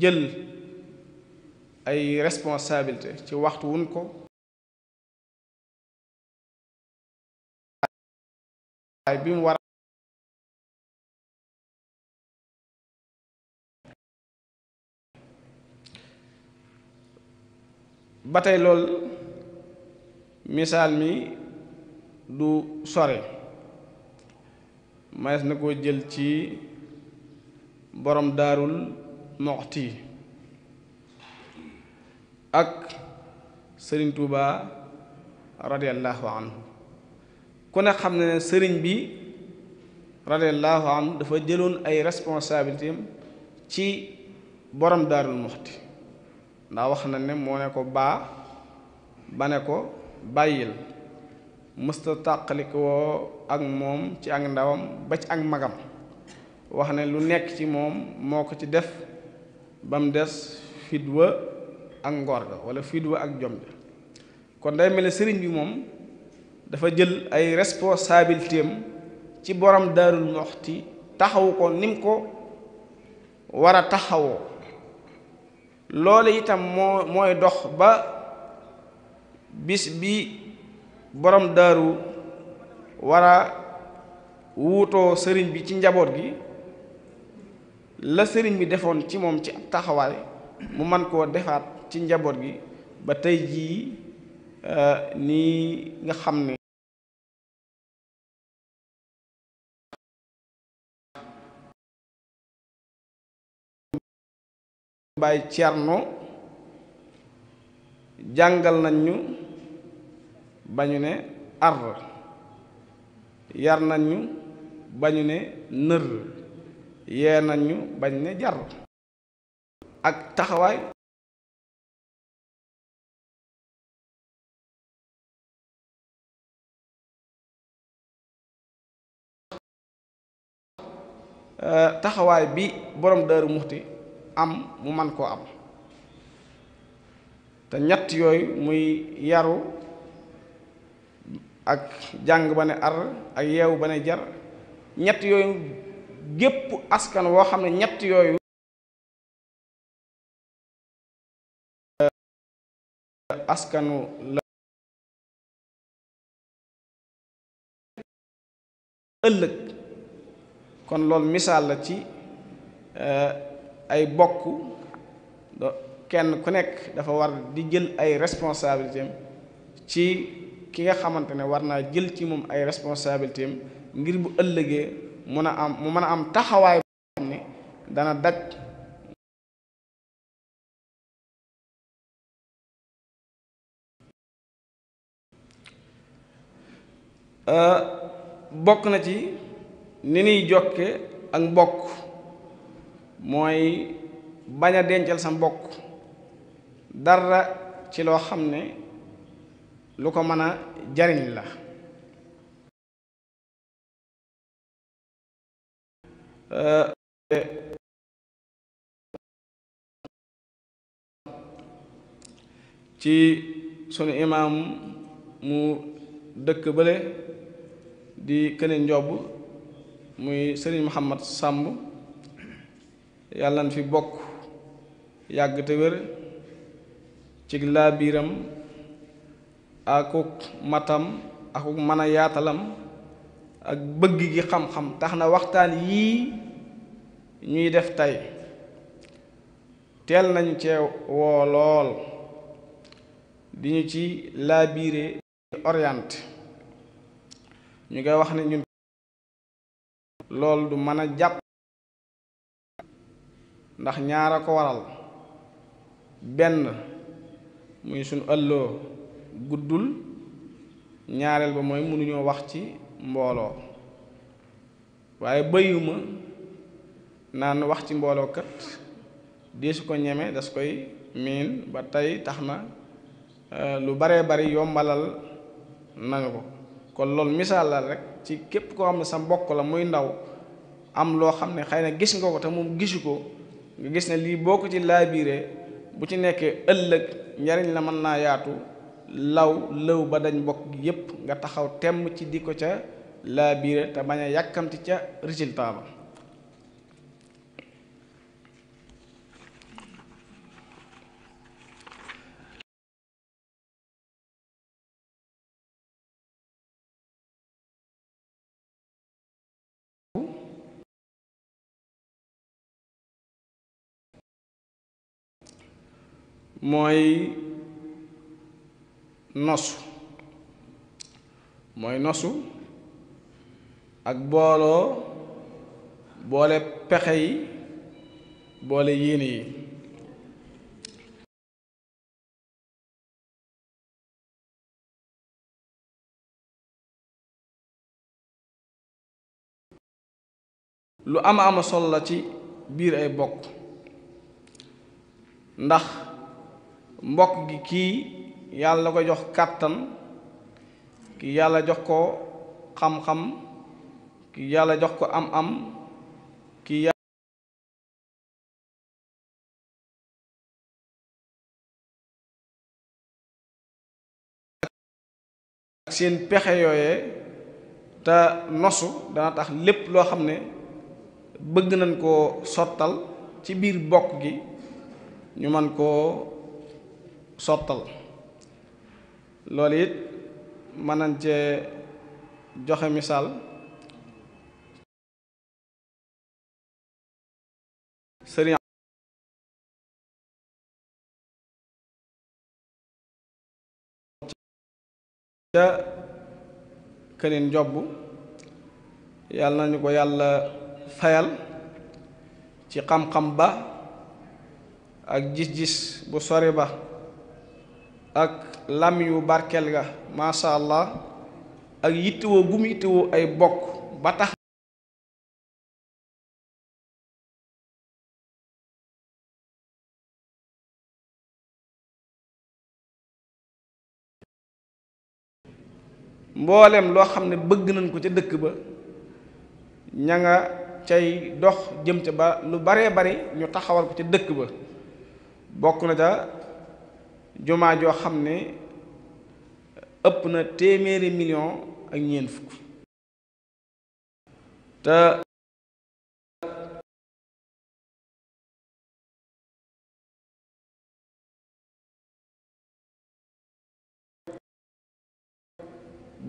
jël ay responsabilité ci waxtu wun ko bi mu war ba tey lool misaal mi du sore mayees na koo jël ci borom daarul moxti ak sëriñ Tuuba radiallahu anhu ku ne xam ne sëriñ bi radiallahu anhu dafa jëloon ay responsabilités ci borom daarul moxti ndax wax na ne moo ne ko baa ba ne ko bàyyil mësta tàqalikoo ak moom ci ak ndawam ba ci ak magam wax ne lu nekk ci moom moo ko ci def ba mu des fit ak ngor ga wala fit ak jom ja kon day mel sëriñ bi moom dafa jël ay responsabilitéem ci borom daarul moxti taxawu ko nim ko war a taxawoo loole itam moo mooy dox ba bis bi borom daaru war a sëriñ bi ci njaboot gi la sëriñ bi defoon ci moom ci ab taxawaay mu man koo defaat ci njaboot gi ba tey jii euh, nii nga xam ne Baay Cerno jàngal nañ ñu ba ñu ne ar yar nañ ñu ne nër yee nañ bañ ne jar ak taxawaay euh, taxawaay bi borom Daaru Muxti am mu man koo am te ñett yooyu muy yaru ak jàng ba ne ar ak yeewu ba ne jar ñett yooyu gépp askan woo xam ne ñett yooyu euh, askanu la ëllëg kon loolu misaal la ci euh, ay bokk kenn ku nekk dafa war di jël ay responsabilité ci ki nga xamante ne war naa jël ci moom ay responsabilité ngir bu ëllëgee mun a am mu mën a am taxawaay boo xam ne euh, bokk na ci ni nuy jokke ak mbokk mooy bañ a dencal sa mbokk dara ci loo xam ne lu ko mën a jariñ la ci sunu imaam mu dëkk bële di këne njobb muy sëriñ Muhammad Sàmb yàlla na fi bokk yàgg te wér ci laa biiram akuk matam akuk mën a yaatalam ak bëgg gi xam-xam tax na waxtaan yii ñuy def tey teel nañu cee woo lool di ñu ci laa biire ñu ngay wax ne ñun loolu du mën jàpp ndax ñaar a ko waral benn muy suñ ëlloo guddul ñaareel ba mooy mënuñoo wax ci mbooloo waaye bëyuma naan wax ci mbooloo kat dee ko ñeme das koy miin ba tey tax na euh, lu baree bari yombalal nañu ko kon loolu misaal la rek ci képp koo xam ne sa mbokk la muy ndaw am loo xam ne xëy na gis nga ko te moom gisu ko nga gis ne lii boo ko ci laabiiree bu ci nekkee ëllëg njariñ la mën naa yaatu law lëw ba dañ bokk yépp nga taxaw temm ci di ko ca laabiire te bañ a yàkkamti ca résultat ba mooy nosu mooy nosu ak booloo boole pexe yi boole yéene yi lu ama ama solo la ci biir ay bokk ndax mbokk gi kii yàlla ko jox kàttan kii yàlla jox ko xam-xam kii yàlla jox ko am-am kii yàlla seen pexe yooye te nosu dana tax lépp loo xam ne bëgg nañ koo sottal ci biir bokk gi ñu man koo sottal loolu it mën nañ joxe misaal sëriñ ca kënin jobb yàlla nañu ko yàlla fayal ci xam-xam ba ak gis-gis bu sori ba ak làmmiñ wu barkeel ga macha allah ak yittewoo gum yittewoo ay bokk ba tax mboolem loo xam ne bëgg nañ ko ca dëkk ba ña nga cay dox jëm ca ba lu baree bari ñu taxawal ko ca dëkk ba bokk na ca jumaa joo xam ne ëpp na téeméeri million ak ñeent fukk te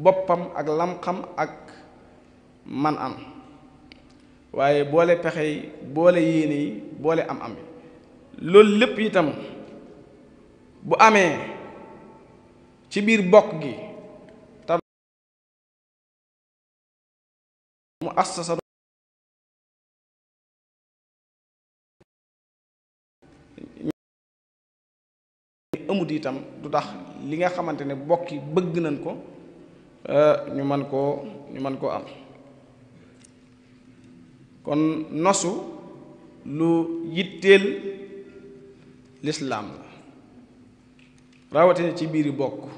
boppam ak lam ak man am waaye boole pexe yi boole yéene yi boole am am loolu lépp itam bu amee ci biir bokk gi te mu assasa amut itam du tax li nga xamante ne bokk yi bëgg nañ ko euh, ñu mën koo ñu mën koo am kon nosu lu yitteel lislaam la rawatina ci biir bokk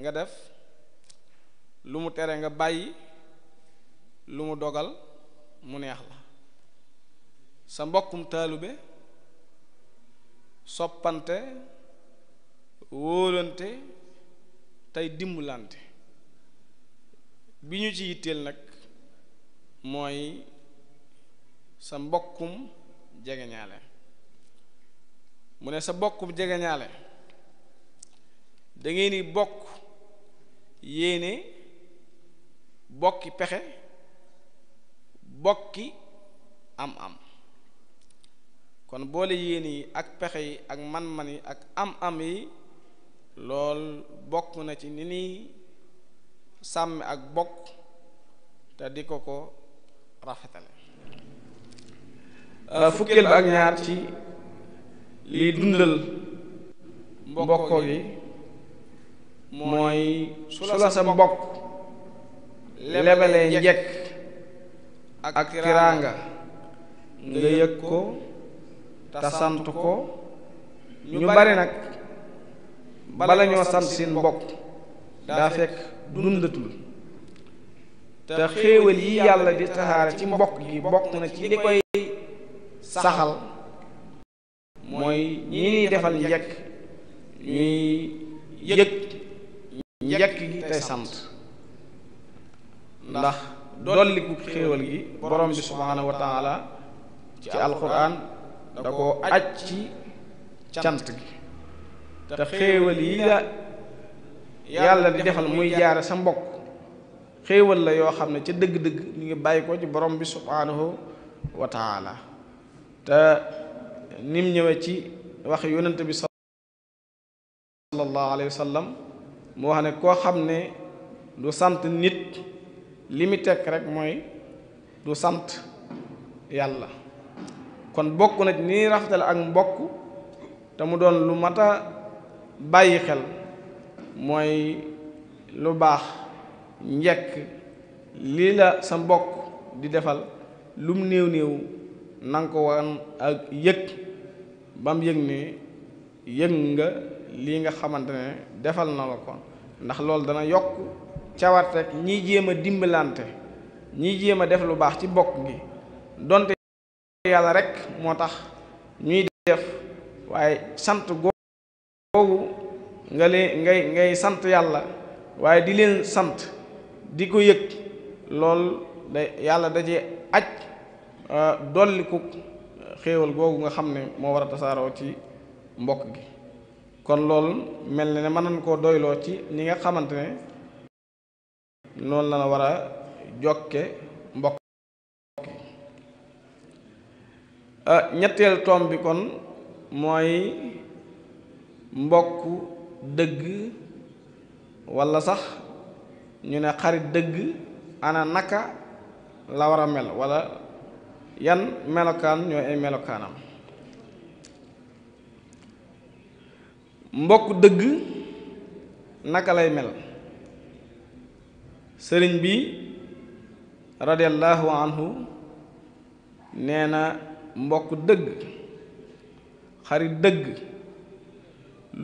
nga def lu mu tere nga bàyyi lu mu dogal mu neex la sa mbokkum taalube soppante wóolante tey dimbalante bi ñu ci yitteel nag mooy sa mbokkum jegeñaale mu ne sa mbokkum jegeñaale da ngeen bokk yéene bokki pexe bokki am-am kon boole yéene yi ak pexe yi ak man-man yi ak am-am yi lool bokk na ci ni ni sàmm ak bokk te di ko ko rafetale euh, fukkeel ba ak ñaar ci liy dundal mbokkoo gi mooy su la sa mbokk lebalee njekk ak tiraanga nga yëg ko te sant ko ñu bari nag bala ñoo sant seen mbokk daa fekk dundatul te xéewal yi yàlla di taxaare ci mbokk gi bokk na ci li koy saxal mooy ñi ñuy defal njekk ñuy yëg njekk gi tey sant ndax dolliku xéewal gi borom bi subhaanahu wa taala ci alquran da koo aj ci cant gi te xéewal yi la yàlla di defal muy jaare sa mbokk xéewal la yoo xam ne ca dëgg-dëgg ñu ngi bàyyi ko ci borom bi subhaanahu wa taala te nim ñëwee ci wax yonent bi sallallahu mu wax ne koo xam ne du sant nit li mu tekk rek mooy du samt yàlla kon bokk na nii rafetale ak mbokk te mu doon lu mata bàyyi xel mooy lu baax njekk lii la sa mbokk di defal lum néew néew na ko wan ak yëg ba mu yëg ne yëg nga lii nga xamante ne defal na la kon ndax loolu dana yokk cawarte ak ñiy jéem a dimbalante ñi jéem a def lu baax ci bokk gi donte yàlla rek moo tax ñuy def waaye sant googu nga leen ngay ngay sant yàlla waaye di leen sant di ko yëg lool da yàlla dajee aj euh, dolliku xéewal googu nga xam ne moo war a tasaaroo ci mbokk gi kon loolu mel na ne mën nañ koo doyloo ci ñi nga xamante ne noonu la war a jokke mbokk euh, ñetteel tomb bi kon mooy mbokk dëgg walla sax ñu ne xarit dëgg ana naka la war a mel walla yan melokaan ñooy ay melokaanam mbokk dëgg naka lay mel sëriñ bi radiallahu anhu nee na mbokk dëgg xarit dëgg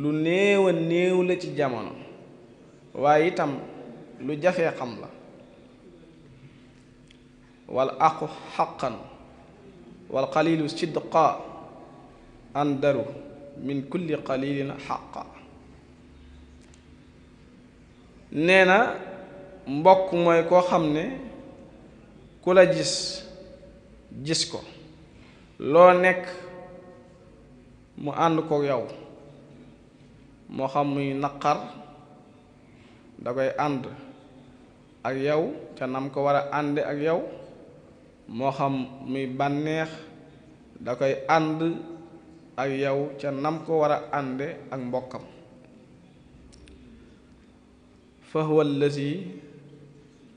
lu néew néew la ci jamono waaye itam lu jafe xam la wal aqu xaqan wal qalilu sidqa an daru min kulli qalilin xaqa nee na mbokk mooy koo xam ne ku la gis gis ko loo nekk mu ànd ko yow moo xam muy naqar da koy ànd ak yow ca nam ko war a ànde ak yow moo xam muy bànneex da koy ànd ak yow ca nam ko war a ànde ak mbokkam fa huwa allazi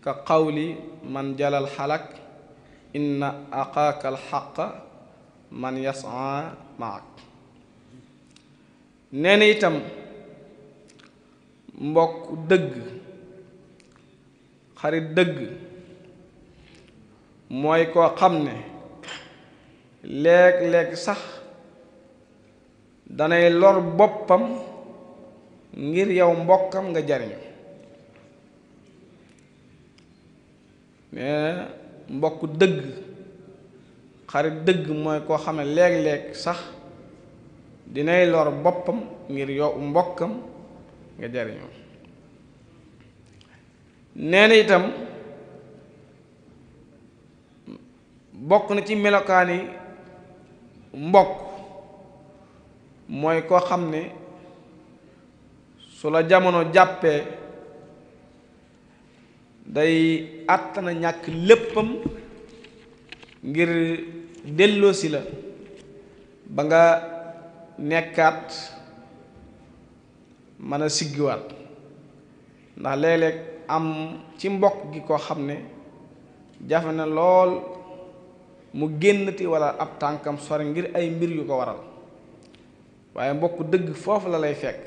ka qawli man jalal xalak inna aqaaka alxaqa man yasaa maak nee na itam mbokk dëgg xarit dëgg mooy koo xam ne léeg-léeg sax danay lor boppam ngir yow mbokkam nga jariñu mbokk dëgg xarit dëgg mooy koo xam ne léeg sax dinay lor boppam ngir yow mbokkam nga jariñoo nee itam bokk na ci melokaani mbokk mooy koo xam ne su la jamono jàppee day àttana ñàkk léppam ngir delloosi la ba nga nekkaat mën a siggiwaat ndax léeg-léeg am ci mbokk gi koo xam ne jafe na lool mu génnati walla ab tànkam sori ngir ay mbir yu ko waral waaye mbokk dëgg foofu la lay fekk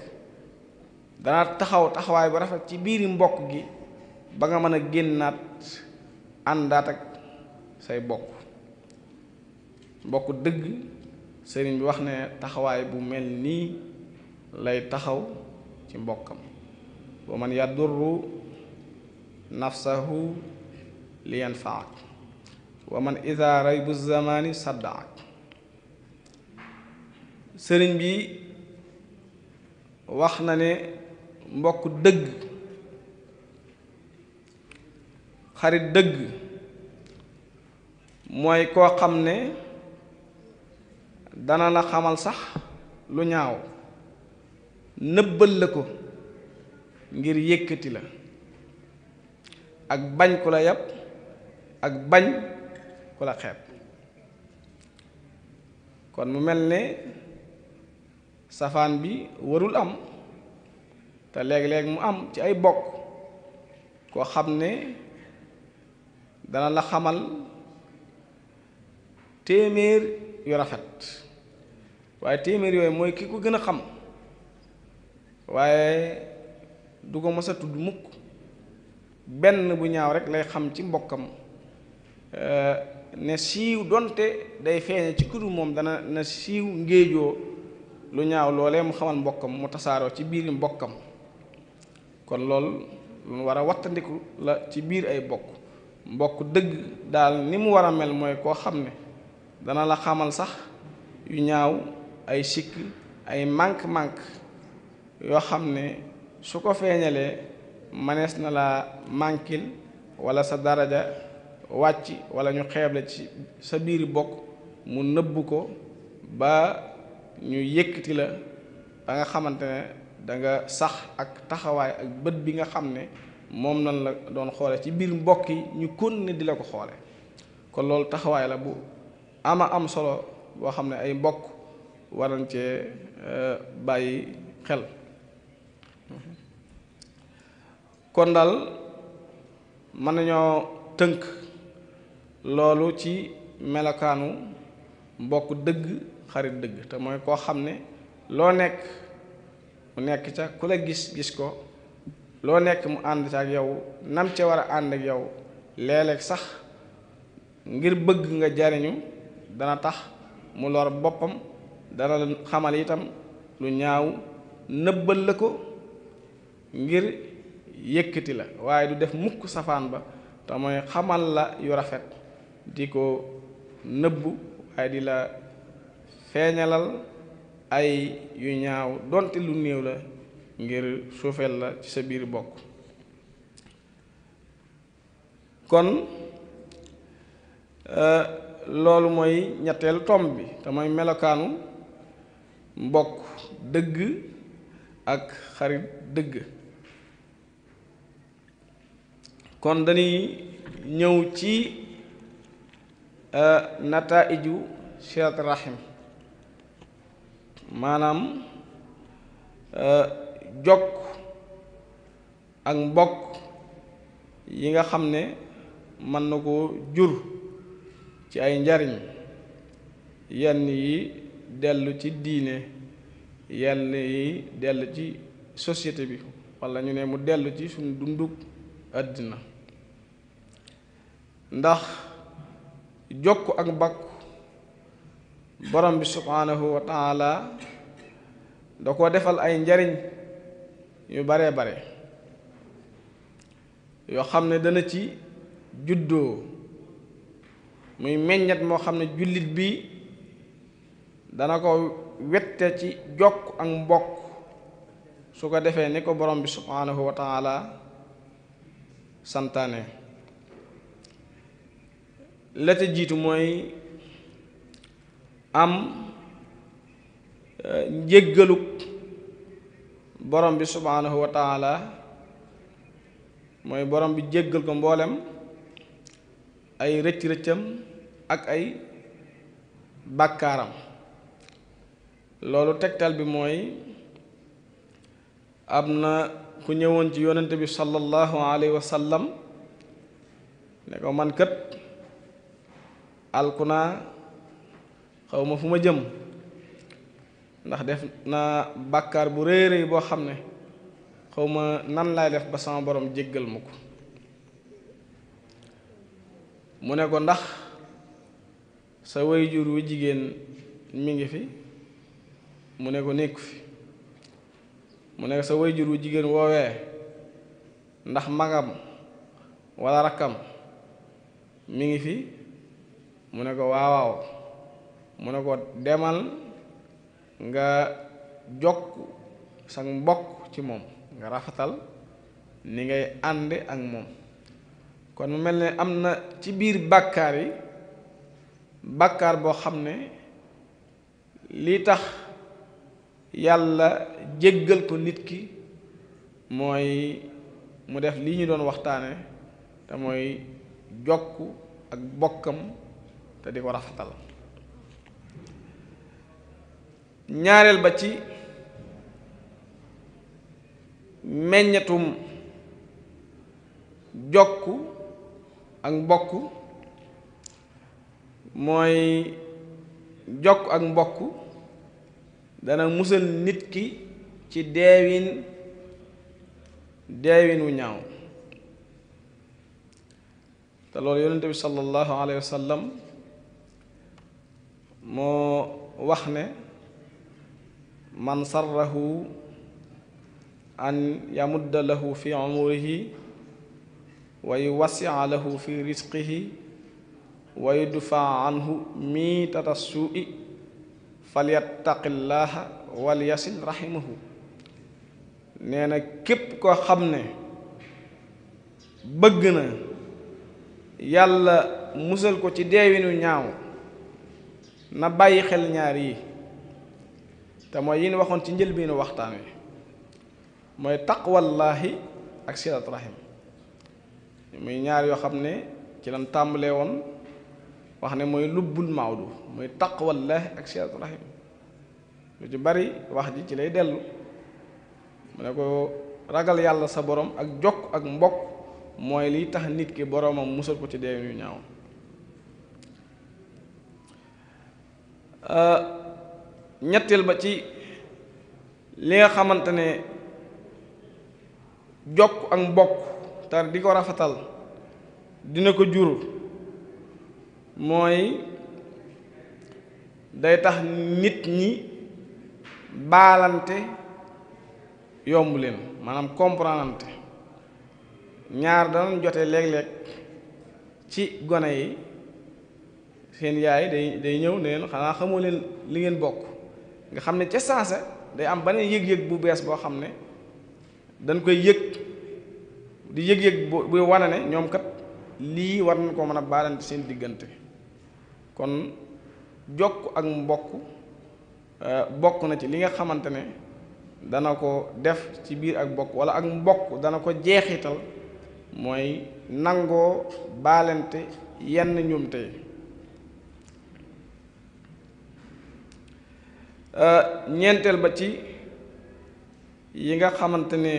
dana taxaw taxawaay bu rafet ci biiri mbokk gi ba nga mën a génnaat àndaat ak say bokk mbokk dëgg sëriñ bi wax ne taxawaay bu mel nii lay taxaw ci mbokkam wa man yadurru nafsahu liyanfaak wa man ida bu zamani saddaak sëriñ bi wax na ne mbokk dëgg xarit dëgg mooy koo xam ne dana la xamal sax lu ñaaw nëbbal la ko ngir yëkkati la ak bañ ku la yàpp ak bañ ku la xeeb kon mu mel ne safaan bi warul am te léeg-léeg mu am ci ay bokk koo xam ne dana la xamal téeméer yu rafet waaye yooyu mooy ki ko gën a xam waaye du ko mës a tudd mukk benn bu ñaaw rek lay xam ci mbokkam eh, ne siiw donte day feeñe ci kudu moom dana na siiw ngéejoo lu ñaaw loolee mu xamal mbokkam mu tasaaroo ci biir mbokkam kon loolu lu war a wattandiku la ci biir ay bokk mbokk dëgg daal ni mu war a mel mooy koo xam ne dana la xamal sax yu ñaaw ay sikk ay manque-manque yoo xam ne su ko feeñalee mënees na la mànkil walla sa daraja wàcc wala ñu xeeble ci sa biir bokk mu nëbb ko ba ñu yëkkati la ba nga xamante ne da nga sax ak taxawaay ak bët bi nga xam ne moom nan la doon xoole ci biir mbokk yi ñu continuer di la ko xoole kon loolu taxawaay la bu ama am solo boo xam ne ay mbokk waran cee euh, bàyyi xel kon daal mën nañoo tënk loolu ci melokaanu mbokk dëgg xarit dëgg te mooy koo xam ne loo nekk mu nekk ca ku la gis gis ko loo nekk mu ànd ca ak yow nam ca war a ànd ak yow léeg sax ngir bëgg nga jariñu dana tax mu lor boppam dana la xamal itam lu ñaaw nëbbal la ko ngir yëkkati la waaye du def mukk safaan ba te mooy xamal la yu rafet di ko nëbbu waaye di la feeñalal ay yu ñaaw donte lu néew la ngir suufeel la ci sa biir bokk kon euh, loolu mooy ñetteel tom bi te mooy melokaanu mbokk dëgg ak xarit dëgg kon dañuy ñëw ci euh, nataiju sirat rahim maanaam euh, jokk ak mbokk yi nga xam ne mën na koo jur ci ay njariñ yenn yi dellu ci diine yenn yi dellu ci société bi walla ñu ne mu dellu ci suñu dundug àddina ndax jokk ak mbokk borom bi subhaanahu wa da ko defal ay njariñ yu baree bare yoo xam ne dana ci juddoo muy meññat moo xam ne jullit bi dana ko wette ci jokk ak mbokk su ko defee ne ko borom bi subhaanahu wa taala santaane la te jiitu mooy am eh, njëggaluk borom bi subhaanahu mooy borom bi jéggal ko mboolem ay rëcc-rëccam ak ay bakkaaram loolu tegtal bi mooy am na ku ñëwoon ci yonent bi sallallahu alayhi wa ne ko man kët alku xaw ma fu ma jëm ndax def naa bàkkaar bu rëy rëy boo xam ne xaw ma nan laay def ba sama boroom jéggal ma ko mu ne ko ndax sa wayjur wu jigéen mi ngi fi mu ne ko nekku fi mu ne sa wayjur wu jigéen woowee ndax magam walla rakkam mi ngi fi mu ne ko waawaaw mu ne ko demal nga jokk sa mbokk ci moom nga rafetal ni ngay ànd ak moom kon mu mel ne am na ci biir bàkkaar yi bàkkaar boo xam ne lii tax yàlla jéggal ko nit ki mooy mu def lii ñu doon waxtaane te mooy jokk ak bokkam te di ko rafetal ñaareel ba ci meññatum jokk ak mbokk mooy jokk ak mbokk dana musal nit ki ci deewin deewin wu ñaaw te loolu yonente bi sallallahu alayhi wa moo wax ne man sarrahu an yamudda lahu fi umrihi wa yuwasia lahu fi risqihi wa yudfa anhu miitata suui falyattaqillaha walyasil rahimahu nee na képp koo xam ne bëgg na yàlla musal ko ci deewinu ñaaw na bàyyi xel ñaar yi te mooy yi waxoon ci njëlbeenu waxtaan wi mooy taqwallaahi ak silat rahim muy ñaar yoo xam ne ci lan tàmbalee woon wax ne mooy lubbul mawdu mooy taqwallaahi ak silat rahim lu ju bari wax ji ci lay dellu mu ne ko ragal yàlla sa borom ak jokk ak mbokk mooy liy tax nit ki boromam musal ko ci dee yu ñaaw euh, ñetteel ba ci li nga xamante ne jokk ak mbokk tar di ko rafetal dina ko jur mooy day tax nit ñi baalante yomb leen maanaam comprendante ñaar danañ jote léeg-léeg ci gone yi seen yaay day day ñëw ne leen xanaa xamoo leen li ngeen bokk nga xam ne ca saasa day am beneen yëg-yëg bu bees boo xam ne dañ koy yëg di yëg-yëg bu wane ne ñoom kat lii war na ko mën a baalante seen diggante kon jokk ak mbokk euh, bokk na ci li nga xamante ne dana ko def ci biir ak mbokk wala ak mbokk dana ko jeexital mooy nangoo baalante yenn ñoom tey Euh, ñeenteel ba ci yi nga xamante ne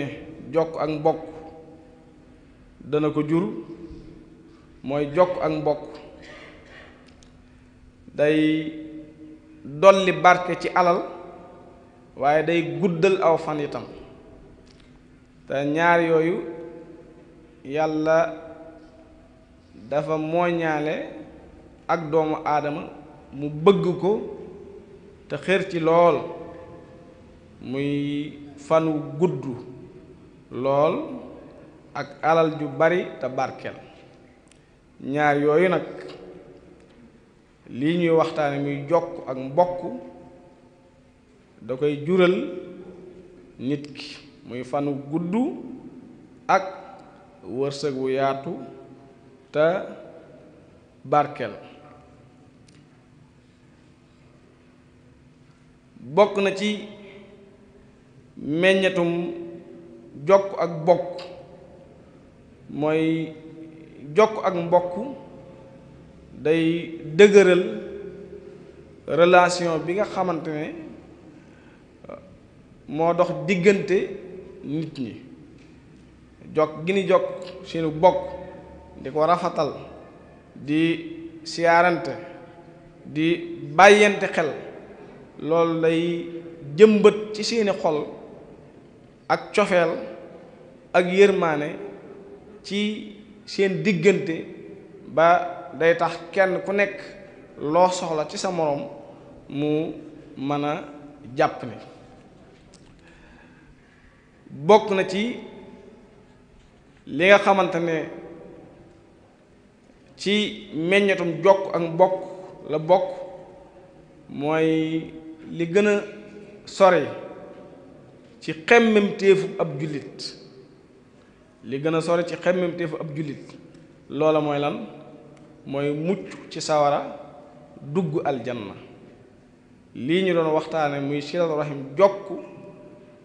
jokk ak mbokk dana ko jur mooy jokk ak mbokk day dolli barke ci alal waaye day guddal aw fan itam te ñaar yooyu yàlla dafa mooñaale ak doomu aadama mu bëgg ko te xër ci lool muy fanu gudd lool ak alal ju bari te barkel ñaar yooyu nag lii ñuy waxtaan muy jokk ak mbokk da koy jural nit ki muy fanu gudd ak wërsëg wu yaatu te barkel bokk na ci meññetum jokk ak bokk mooy jokk ak mbokk day dëgëral relation bi nga xamante ne uh, moo dox diggante nit ñi jokk gi ni jokk seenu bokk di ko rafatal di siyaarante di bàyyante xel loolu day jëmbët ci seeni xol ak cofeel ak yërmaane ci seen diggante ba day tax kenn ku nekk loo soxla ci sa moroom mu mën a jàpp ne bokk na ci li nga xamante ne ci meññetum jokk ak mbokk la bokk mooy li gën a sori ci xemmem téefu ab jullit li gën a sori ci xemmem téefu ab jullit loola mooy lan mooy mucc ci sawara dugg aljanna lii ñu doon waxtaane muy silatu rahim jokk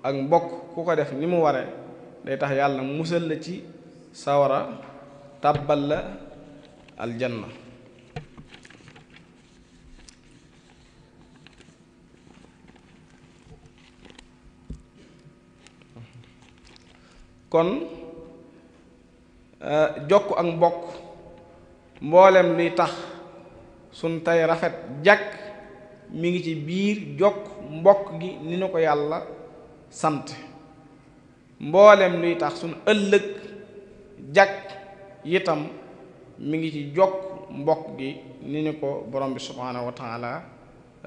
ak mbokk ku ko def ni mu ware day tax yàlla musal la ci sawara tàbbal la aljanna kon eh, jokk ak mbokk mboolem luy tax suñ tey rafet jàkk mi ngi ci biir jokk mbokk gi ni nu ko yàlla sant mboolem luy tax suñ ëllëg jàkk yitam mi ngi ci jokk mbokk gi ni ñu ko borom bi subhaanahu wa taala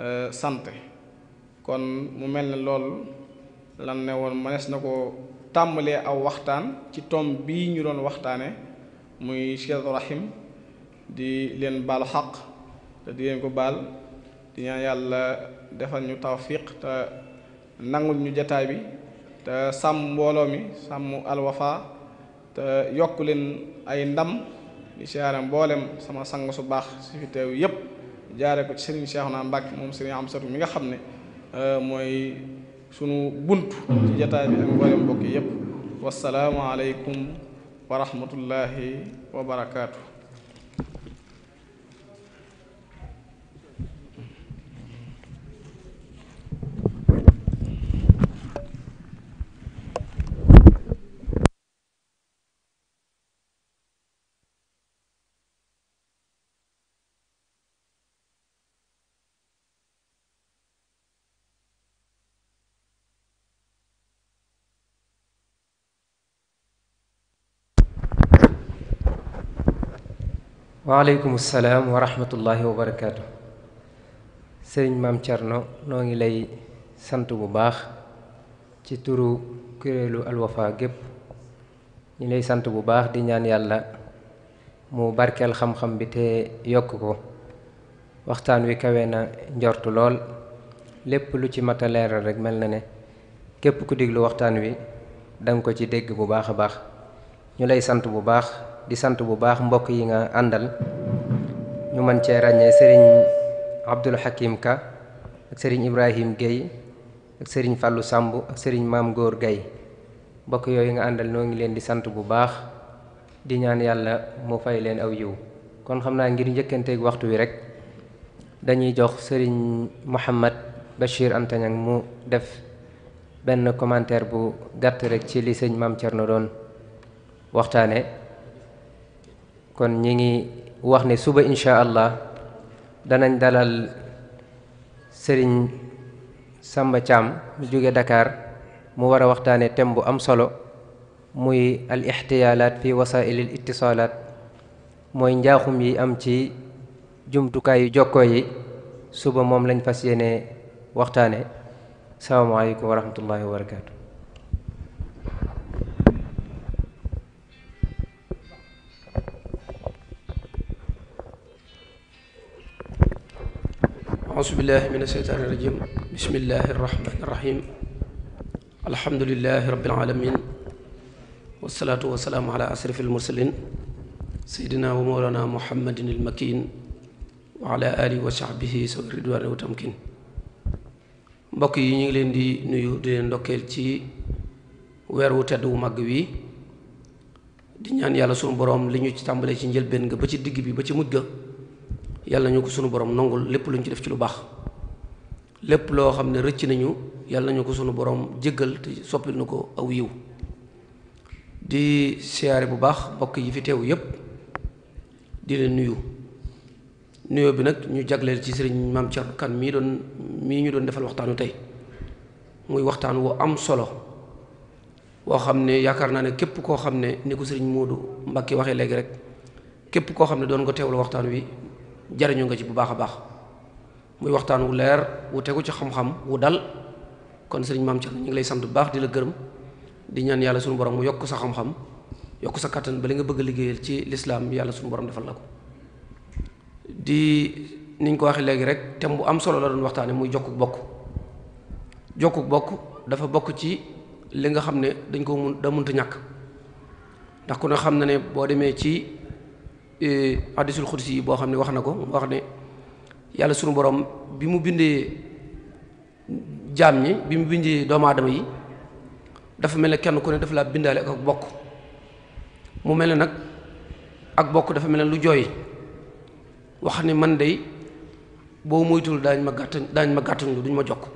eh, kon mu mel ni lool lan ne woon mënees na ko tàmbalee aw waxtaan ci tomb bii ñu doon waxtaane muy Cheikhul Rahim di leen baalu xaq te di leen ko baal di ñaan yàlla defar ñu tawfiq te nangul ñu jataay bi te sàmm mbooloo mi sàmm alwafa te yokk leen ay ndam di siyaare mboolem sama sang su baax si fi teew yépp jaare ko ci Serigne naa Mbacke moom Serigne Amsatou mi nga xam ne euh, mooy sunu bunt ci jataay bi ak mboolem mbokk yépp wasalaamu aleykum wa rahmatullahi wa waaleykum salaam wa rahmatullahi wa barakaatu sëriñ maam Thierno noo ngi lay sant bu baax ci turu kuréelu alwafa gépp ñi lay sant bu baax di ñaan yàlla mu barkeel xam-xam bi te yokk ko waxtaan wi kawe na njortu lool lépp lu ci mat a leeral rek mel na ne képp ku diglu waxtaan wi danga ko ci dégg bu baax a baax ñu lay sant bu baax di sant bu baax mbokk yi nga àndal ñu mën cee ràññee sëriñ Abdul Hakim Ka ak sëriñ Ibrahim Guèye ak sëriñ Fallou Samb ak sëriñ Maam Góor Guèye mbokk yooyu nga àndal noo ngi leen di sant bu baax di ñaan yàlla mu fay leen aw yiw kon xam naa ngir njëkkanteeg waxtu wi rek dañuy jox sëriñ Mouhamad Bachir Antañang mu def benn commentaire bu gàtt rek ci li sëñ Maam na doon waxtaane kon ñi ngi wax ni suba incha allah danañ dalal sëriñ Samba Thiam mu jóge Dakar mu war a waxtaane thème bu am solo muy al fi wasaa'ilil ittisaalaat mooy njaaxum yi am ci jumtukaayu jokkoo yi suba moom lañ fas yéene waxtaane salaamaaleykum wa rahmatullahi wa barakaatu أعوذ بالله من الشيطان الرجيم بسم الله الرحمن الرحيم الحمد لله رب العالمين والصلاة والسلام على أشرف المرسلين سيدنا ومولانا محمد المكين وعلى آله وصحبه سوى الرضوان والتمكين mbokk yi ñu ngi leen di nuyu di leen ndokkeel ci weer wu tedd wu màgg wi di ñaan yàlla sunu boroom li ñu ci tàmbalee ci njëlbeen nga ba ci digg bi ba ci mujj ga yàlla ñu ko sunu borom nangul lépp lu ñu ci def ci lu baax lépp loo xam ne rëcc nañu yàlla nañu ko sunu borom jéggal te soppil na ko ak yiw di siyaare bu baax mbokk yi fi teew yépp di leen nuyu nuyoo bi nag ñu jagleel ci sëriñ Maam Cerno Kan mii doon mii ñu doon defal waxtaanu tey muy waxtaan wu am solo woo xam ne yaakaar naa ne képp koo xam ne ni ko sëriñ Moodu Mbàkke waxee léegi rek képp koo xam ne doon ko teewlu waxtaan wi jariñu nga ci bu baax a baax muy waxtaan wu leer wu tegu ci xam-xam wu dal kon sëriñ maam Cerno ñu ngi lay sant bu baax di la gërëm di ñaan yàlla suñu borom mu yokk sa xam-xam yokk sa kàttan ba li nga bëgg liggéeyal ci lislaam yàlla suñu borom defal la ko di niñ ko waxee léegi rek tem bu am solo la doon waxtaane muy jokku bokk jokkuk bokk dafa bokk ci li nga xam ne dañ ko mun da munta ñàkk ndax ku ne xam na ne boo demee ci Eh, hadisul xudsi yi boo xam ne wax na ko wax ne yàlla sunu borom bi mu bindee jaam ñi bi mu bindee doomu aadama yi dafa mel ne kenn ku ne dafa laa bindaale ak ak bokk mu mel ne nag ak bokk dafa mel na lu jooy wax ne man day boo moytul daañ ma gàttañ daañ ma gàttañ lu ma jokk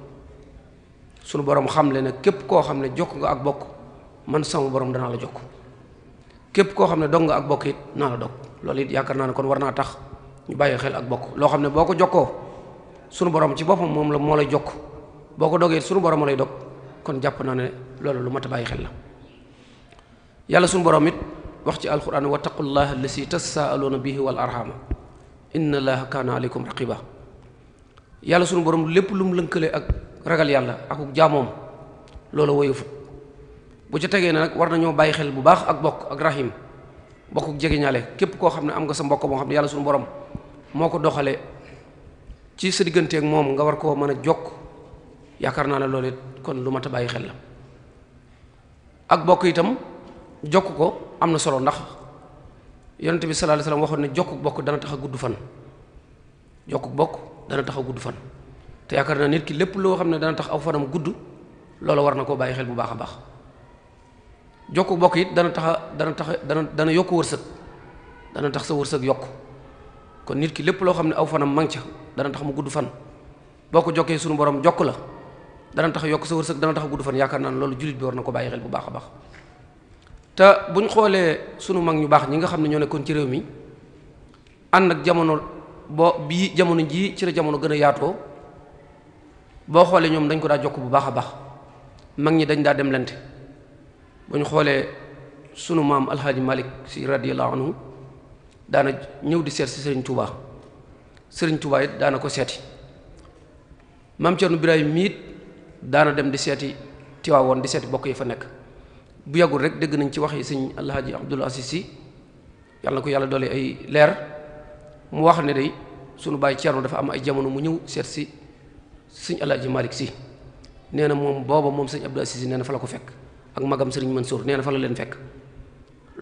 sunu borom xam le ne képp koo xam ne jokk nga ak bokk man sama borom danaa la jokk képp koo xam ne dog nga ak bokk it naa la dog loolu it yaakaar naa ne kon war naa tax ñu bàyyi xel ak bokk loo xam ne boo ko jokkoo sunu borom ci boppam moom la moo lay jokk boo ko dogee sunu borom lay dog kon jàpp naa ne loolu lu mat bàyyi xel la yàlla sunu borom it wax ci alquran wa taqullaha allasi tasaaluuna bihi wal arhama inna allaha kaana aleykum raqiba yàlla sunu borom lépp lu mu lënkale ak ragal yàlla akuk jaamoom loolu woyofu bu ca tegee ne nag war nañoo bàyyi xel bu baax ak bokk ak rahim mbokku jegeñaale képp koo xam ne am nga sa mbokk moo xam ne yàlla suñu borom moo ko doxalee ci sa digganteeg moom nga war koo mën a jokk yaakaar naa ne loolu it kon lu mat a bàyyi xel la ak bokk itam jokk ko am na solo ndax yonent bi sallallahu alayhi wasallam waxoon ne jokku bokk dana tax a gudd fan jokku bokk dana tax a gudd fan te yaakaar naa nit ki lépp loo xam ne dana tax aw fanam gudd loolu war na koo bàyyi xel bu baax a baax jokku bokk it dana tax dana tax dana dana yokk wërsëg dana tax sa wërsëg yokk kon nit ki lépp loo xam ne aw fanam mang ca dana tax mu gudd fan boo ko jokkee sunu borom jokk la dana tax yokk sa wërsëg dana tax gudd fan yaakaar naa loolu jullit bi war na ko bàyyi bu baax a baax te buñ xoolee sunu mag ñu baax ñi nga xam ne ñoo nekkoon ci réew mi ànd ak jamono boo bii jamono jii ci la jamono gën a yaatoo boo xoolee ñoom dañ ko daa jokk bu baax a baax mag ñi dañ daa dem bu ñu xoolee sunu maam alxaaji malik si radiyallahu anhu daana ñëw di seet si sëriñ Touba sëriñ Touba it daana ko seeti maam Cerno Birahim miit daana dem di seeti Tiwaawoon di seeti bokk yi fa nekk bu yàggul rek dëgg nañ ci wax yi sëñ alxaaji abdul asiis si yàlla na ko yàlla doole ay leer mu wax ne day sunu bàyyi Cerno dafa am ay jamono mu ñëw seet si sëñ alxaaji malik si nee na moom booba moom sëñ abdul asiis si nee fa la ko fekk ak magam Serigne Mansour nee na fa la leen fekk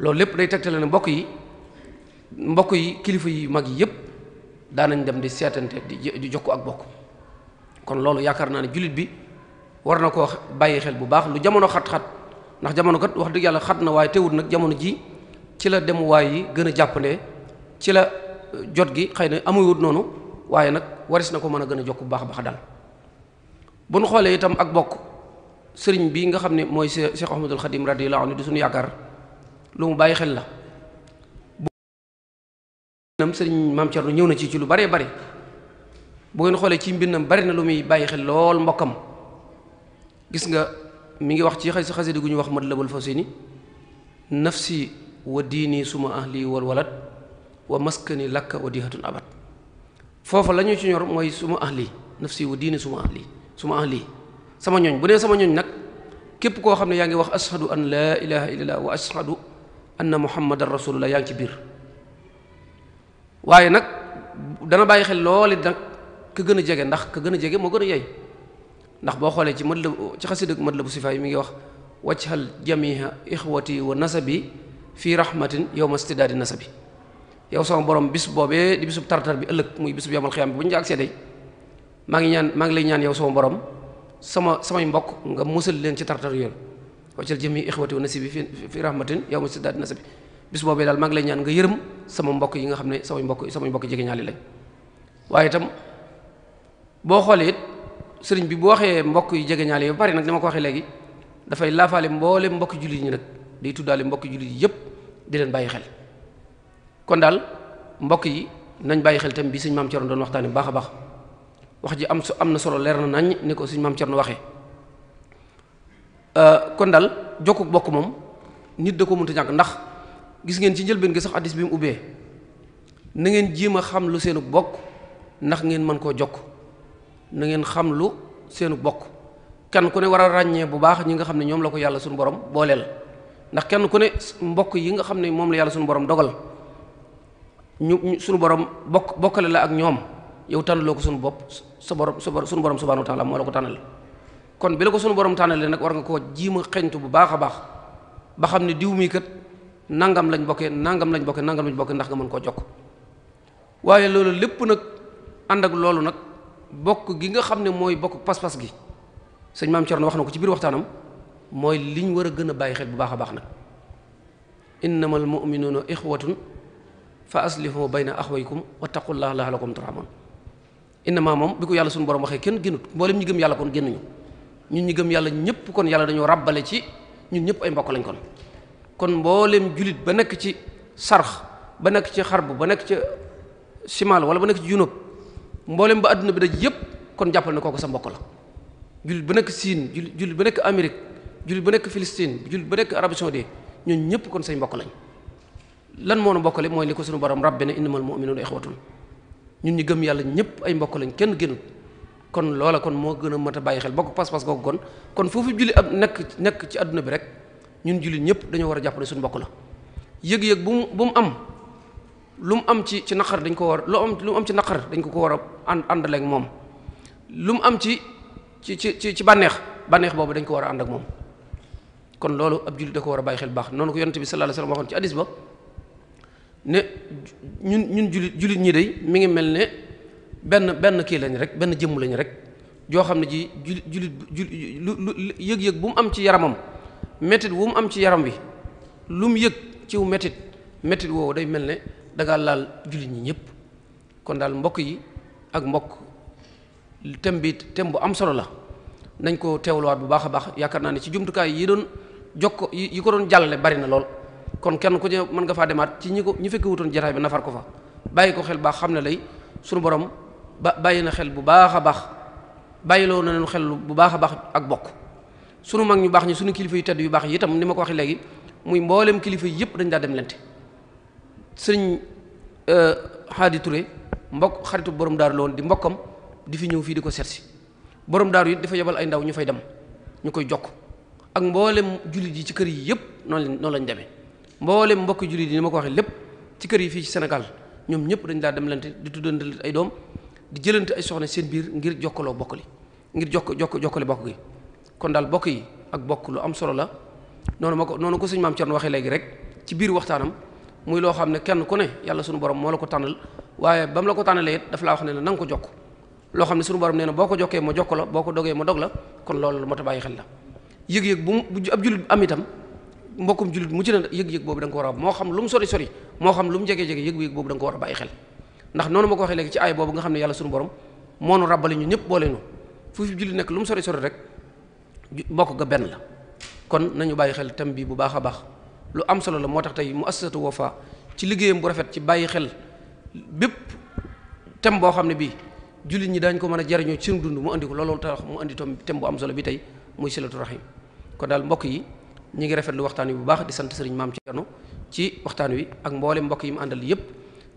loolu lépp day tegtale ne mbokk yi mbokk yi kilifa yi mag yi yëpp daanañ dem di seetante di jokku ak bokk kon loolu yaakaar naa ne jullit bi war na koo bàyyi xel bu baax lu jamono xat-xat ndax jamono kat wax dëgg yàlla xat na waaye teewul nag jamono ji ci la demuwaay yi gën a jàppandee ci la euh, jot gi xëy na amuyut noonu waaye nag waris na ko mën a gën a jokk bu baax a baax daal bu nu xoolee itam ak bokk sëriñ bi nga xam ne mooy Cheikh Ahmadul Xadim radiyallahu anhu di suñu yaakaar bàyyi xel la nam sëriñ Maam ñëw na ci ci lu bare bare bu ngeen xoolee ci mbindam bari na lu muy bàyyi xel lool mbokkam gis nga mu ngi wax ci xasi xasida gu ñu wax Matlabul Fawzayni nafsi wa diini suma ahli wal walad wa maskani lakka wa dihatun abad foofa la ci ñor mooy suma ahli nafsi wa diini suma ahli suma ahli sama ñooñ bu dee sama ñooñ nag képp koo xam ne yaa ngi wax ashadu an laa ilaha illallah wa ashadu anna muhammadan rasulullah yaa ngi ci biir waaye nag dana bàyyi xel lool it nag ka gën a jege ndax ka gën a jege moo gën a yey ndax boo xoolee ci la madla ci xasida madlabu sifaay mi ngi wax wajhal jamiha ixwati wa nasabi fii rahmatin yowma stidaadi nasabi yow sama borom bis boobee di bisub tartar bi ëllëg muy bisub yamal xiyaam bi bu ñu ci accédé maa ngi ñaan maa ngi lay ñaan yow sama borom sama samay mbokk nga musal leen ci tartar yooyu waccal jëmi ixwati wa nasibi fi fi rahmatin yow ma siddaati nasabi bis boobee daal maa ngi lay ñaan nga yërëm sama mbokk yi nga xam ne samay mbokk samay mbokk jege ñaali lañ waaye boo xoolee sëriñ bi bu waxee mbokk yi jege ñaali yi ba nag ni ko waxee léegi dafay laafaale mboole mbokk jullit ñi nag day tuddaale mbokk jullit yi yëpp di leen bàyyi xel kon daal mbokk yi nañ bàyyi xel tam bi sëñ maam Cerno doon waxtaane bu baax a baax wax ji am am na solo leer na nañ ni ko suñu maam nu waxee euh, kon dal jokku bokk moom nit da ko mënta ñàkk ndax gis ngeen ci njëlbeen gi sax addis bi mu ubbee na ngeen jéem a xam lu seenu bokk ndax ngeen mën koo jokk na ngeen xam lu seenu bokk kenn ku ne war a ràññee bu baax ñi nga xam ne ñoom la ko yàlla suñu borom booleel ndax kenn ku ne mbokk yi nga xam ne moom la suñu borom dogal ñu suñu borom bokk bokkale la ak ñoom yow tànnaloo ko suñu bopp sa borom sa borom suñu borom subhanahu wa taala moo la ko tànnal kon bi la ko suñu borom tànnalee nag war nga koo jiima xeñtu bu baax a baax ba xam ne diw mii kat nangam lañ bokkee nangam lañ bokkee nangam lañ bokkee ndax nga mën koo jokk waaye loolu lépp nag ànd ak loolu nag bokk gi nga xam ne mooy bokk pas-pas gi sëñ maam Thierno wax na ko ci biir waxtaanam mooy liñ war a gën a bàyyi xel bu baax a baax nag innamal mu'minuuna ixwatun fa aslihu bayna axwaykum wattaqullaha laalakum turhamun innama moom bi ko yàlla suñu borom waxee kenn génnut mboolem ñi gëm yàlla kon génnuñu ñun ñi gëm yàlla ñëpp kon yàlla dañoo ràbbale ci ñun ñëpp ay mbokk lañ kon kon mbooleem julit ba nekk ci sarx ba nekk ci xarbu ba nekk ci simal wala ba nekk ci junub mboolem ba adduna bi daj yëpp kon jàppal na kooku sa mbokk la julit ba nekk siin julit ba nekk Amérique julit ba nekk Philistine julit ba nekk Arabie Saoudite ñun ñëpp kon say mbokk lañ lan moo nu bokkale mooy li ko suñu borom rabbi ne innamal mu'minuuna ixwatun ñun ñu gëm yàlla ñëpp ay mbokk lañ kenn génn kon loola kon moo gën a mat a bàyyi xel bokk pas-pas googu kon kon foofu julli ab nekk nekk ci àdduna bi rek ñun julli ñëpp dañoo war a jàpp ne suñu mbokk la yëg-yëg bu mu bu mu am lu mu am ci ci naqar dañ ko war lu am lu am ci naqar dañ ko ko war a ànd àndale ak moom lu mu am ci ci ci ci bànneex bànneex boobu dañ ko war a ànd ak moom kon loolu ab julli da ko war a bàyyi xel baax noonu ko yonent bi sallallahu alayhi wasallam waxoon ci hadis ba ne ñun ñun jullit julit ñi day mi ngi mel ne benn benn kii lañ rek benn jëmm lañ rek joo xam ne ji jullit julit lu lu yëg-yëg bu mu am ci yaramam métit wu mu am ci yaram wi lu mu yëg ciw metit métit woowu day mel ne dangaa laal julit ñi ñëpp kon daal mbokk yi ak mbokk tem bi tem bu am solo la nañ ko teewluwaat bu baax a baax yaakaar naa ne ci jumtukaay yi doon jokko yi ko doon jàllale bari na lool kon kenn ku ci mën nga faa demaat ci ñi ko ñi fekke wutoon jataay bi nafar ko fa bàyyi ko xel baax xam ne lay sunu borom ba bàyyi na xel bu baax a baax bàyyi bàyyiloo na leen xel bu baax a baax ak bokk sunu mag ñu baax ñi sunu kilifa yu tedd yu baax yi itam ni ma ko waxee léegi muy mboolem kilifa yi yëpp dañ daa dem lente sëriñ Xaadi euh, Touré mbokk xaritu borom daaru lool woon di mbokkam di fi ñëw fii di ko seetsi borom daaru it dafa yebal ay ndaw ñu fay dem ñu koy jokk ak mboolem jullit yi ci kër yi yëpp noonu lañ noonu demee mboolem mbokki jullit yi ni ma ko waxee lépp ci kër yi fii ci Sénégal ñoom ñëpp dañ daa demlante di tuddante ay doom di jëlante ay soxna seen biir ngir jokkaloo bokk li ngir jokk jokk jokkale bokk gi kon daal bokk yi ak bokk am solo la noonu ma ko noonu ko sëñ maam Thierno waxee léegi rek ci biir waxtaanam muy loo xam ne kenn ku ne yàlla suñu borom moo la ko tànnal waaye ba mu la ko tànnalee daf laa wax ne la na nga ko jokk loo xam ne suñu borom nee na boo ko jokkee ma jokk la boo ko dogee ma dog la kon loolu moo ta bàyyi xel la yëg-yëg bu bu ab jullit am itam mbokkum jullit mu ci ne yëg-yëg boobu da nga ko war a moo xam lu mu sori sori moo xam lu mu jege-jege yëg-yëg boobu da nga ko war a bàyyi xel ndax noonu ma ko waxee léegi ci aay boobu nga xam ne yàlla suñu borom moonu rabbali ñu ñëpp boole ñu fu fi jullit nekk lu mu sori sori rek mbokk ga benn la kon nañu bàyyi xel tam bi bu baax a baax lu am solo la moo tax tey mu assatu Wafa ci liggéeyam bu rafet ci bàyyi xel bépp tem boo xam ne bii jullit ñi daañ ko mën a jariñoo ci suñu dund mu andi ko loolu tax mu andi tam tem bu am bi tey muy silatu rahim kon daal mbokk yi ñi ngi rafetlu waxtaan wi bu baax di sant sëriñ maam Thierno ci waxtaan wi ak mboolem mbokk yi mu àndal yépp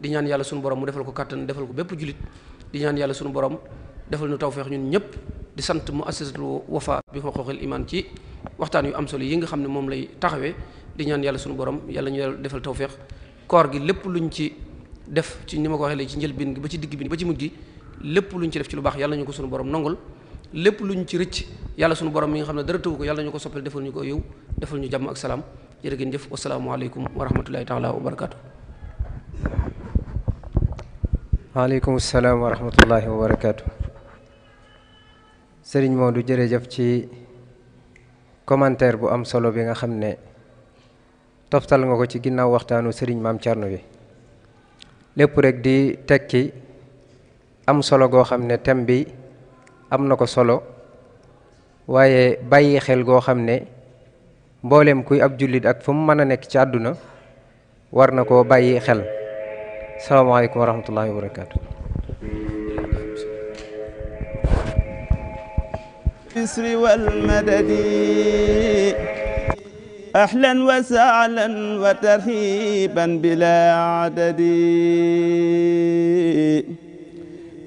di ñaan yàlla suñu borom mu defal ko kàttan defal ko bépp jullit di ñaan yàlla suñu borom defal ñu tawfeex ñun ñëpp di sant mu assisatul wafa bi fa xooxil imaan ci waxtaan yu am solo yi nga xam ne moom lay taxawee di ñaan yàlla suñu borom yàlla ñu defal tawfeex koor gi lépp lu ñu ci def ci ni ma ko waxee léegi ci njëlbeen gi ba ci digg bi ba ci mujj gi lépp luñ ci def lu baax yàlla ñu ko suñu borom nongul lépp luñ ci rëcc yàlla sunu borom mi nga xam ne dara tëwu ko yàlla ñu ko soppal defal ñu ko yow defal ñu jàmm ak salaam jërë ngeen jëf wasalaamualeykum wa rahmatullahi taala wa barakaatu. waaleykum salaam wa rahmatullahi wa barakaatu. Sëriñ Modou jërëjëf ci commentaire bu am solo bi nga xam ne toftal nga ko ci ginnaaw waxtaanu Sëriñ Maam Thierno bi lépp rekk di teg ki am solo goo xam ne thème bi. am na ko solo waaye bàyyi xel goo xam ne mboolem kuy ab jullit ak fa mu mën a nekk ci àdduna war na koo bàyyi xel salaamaaleykum wa rahmatullahi wa barakaatu. النصر والمدد أهلا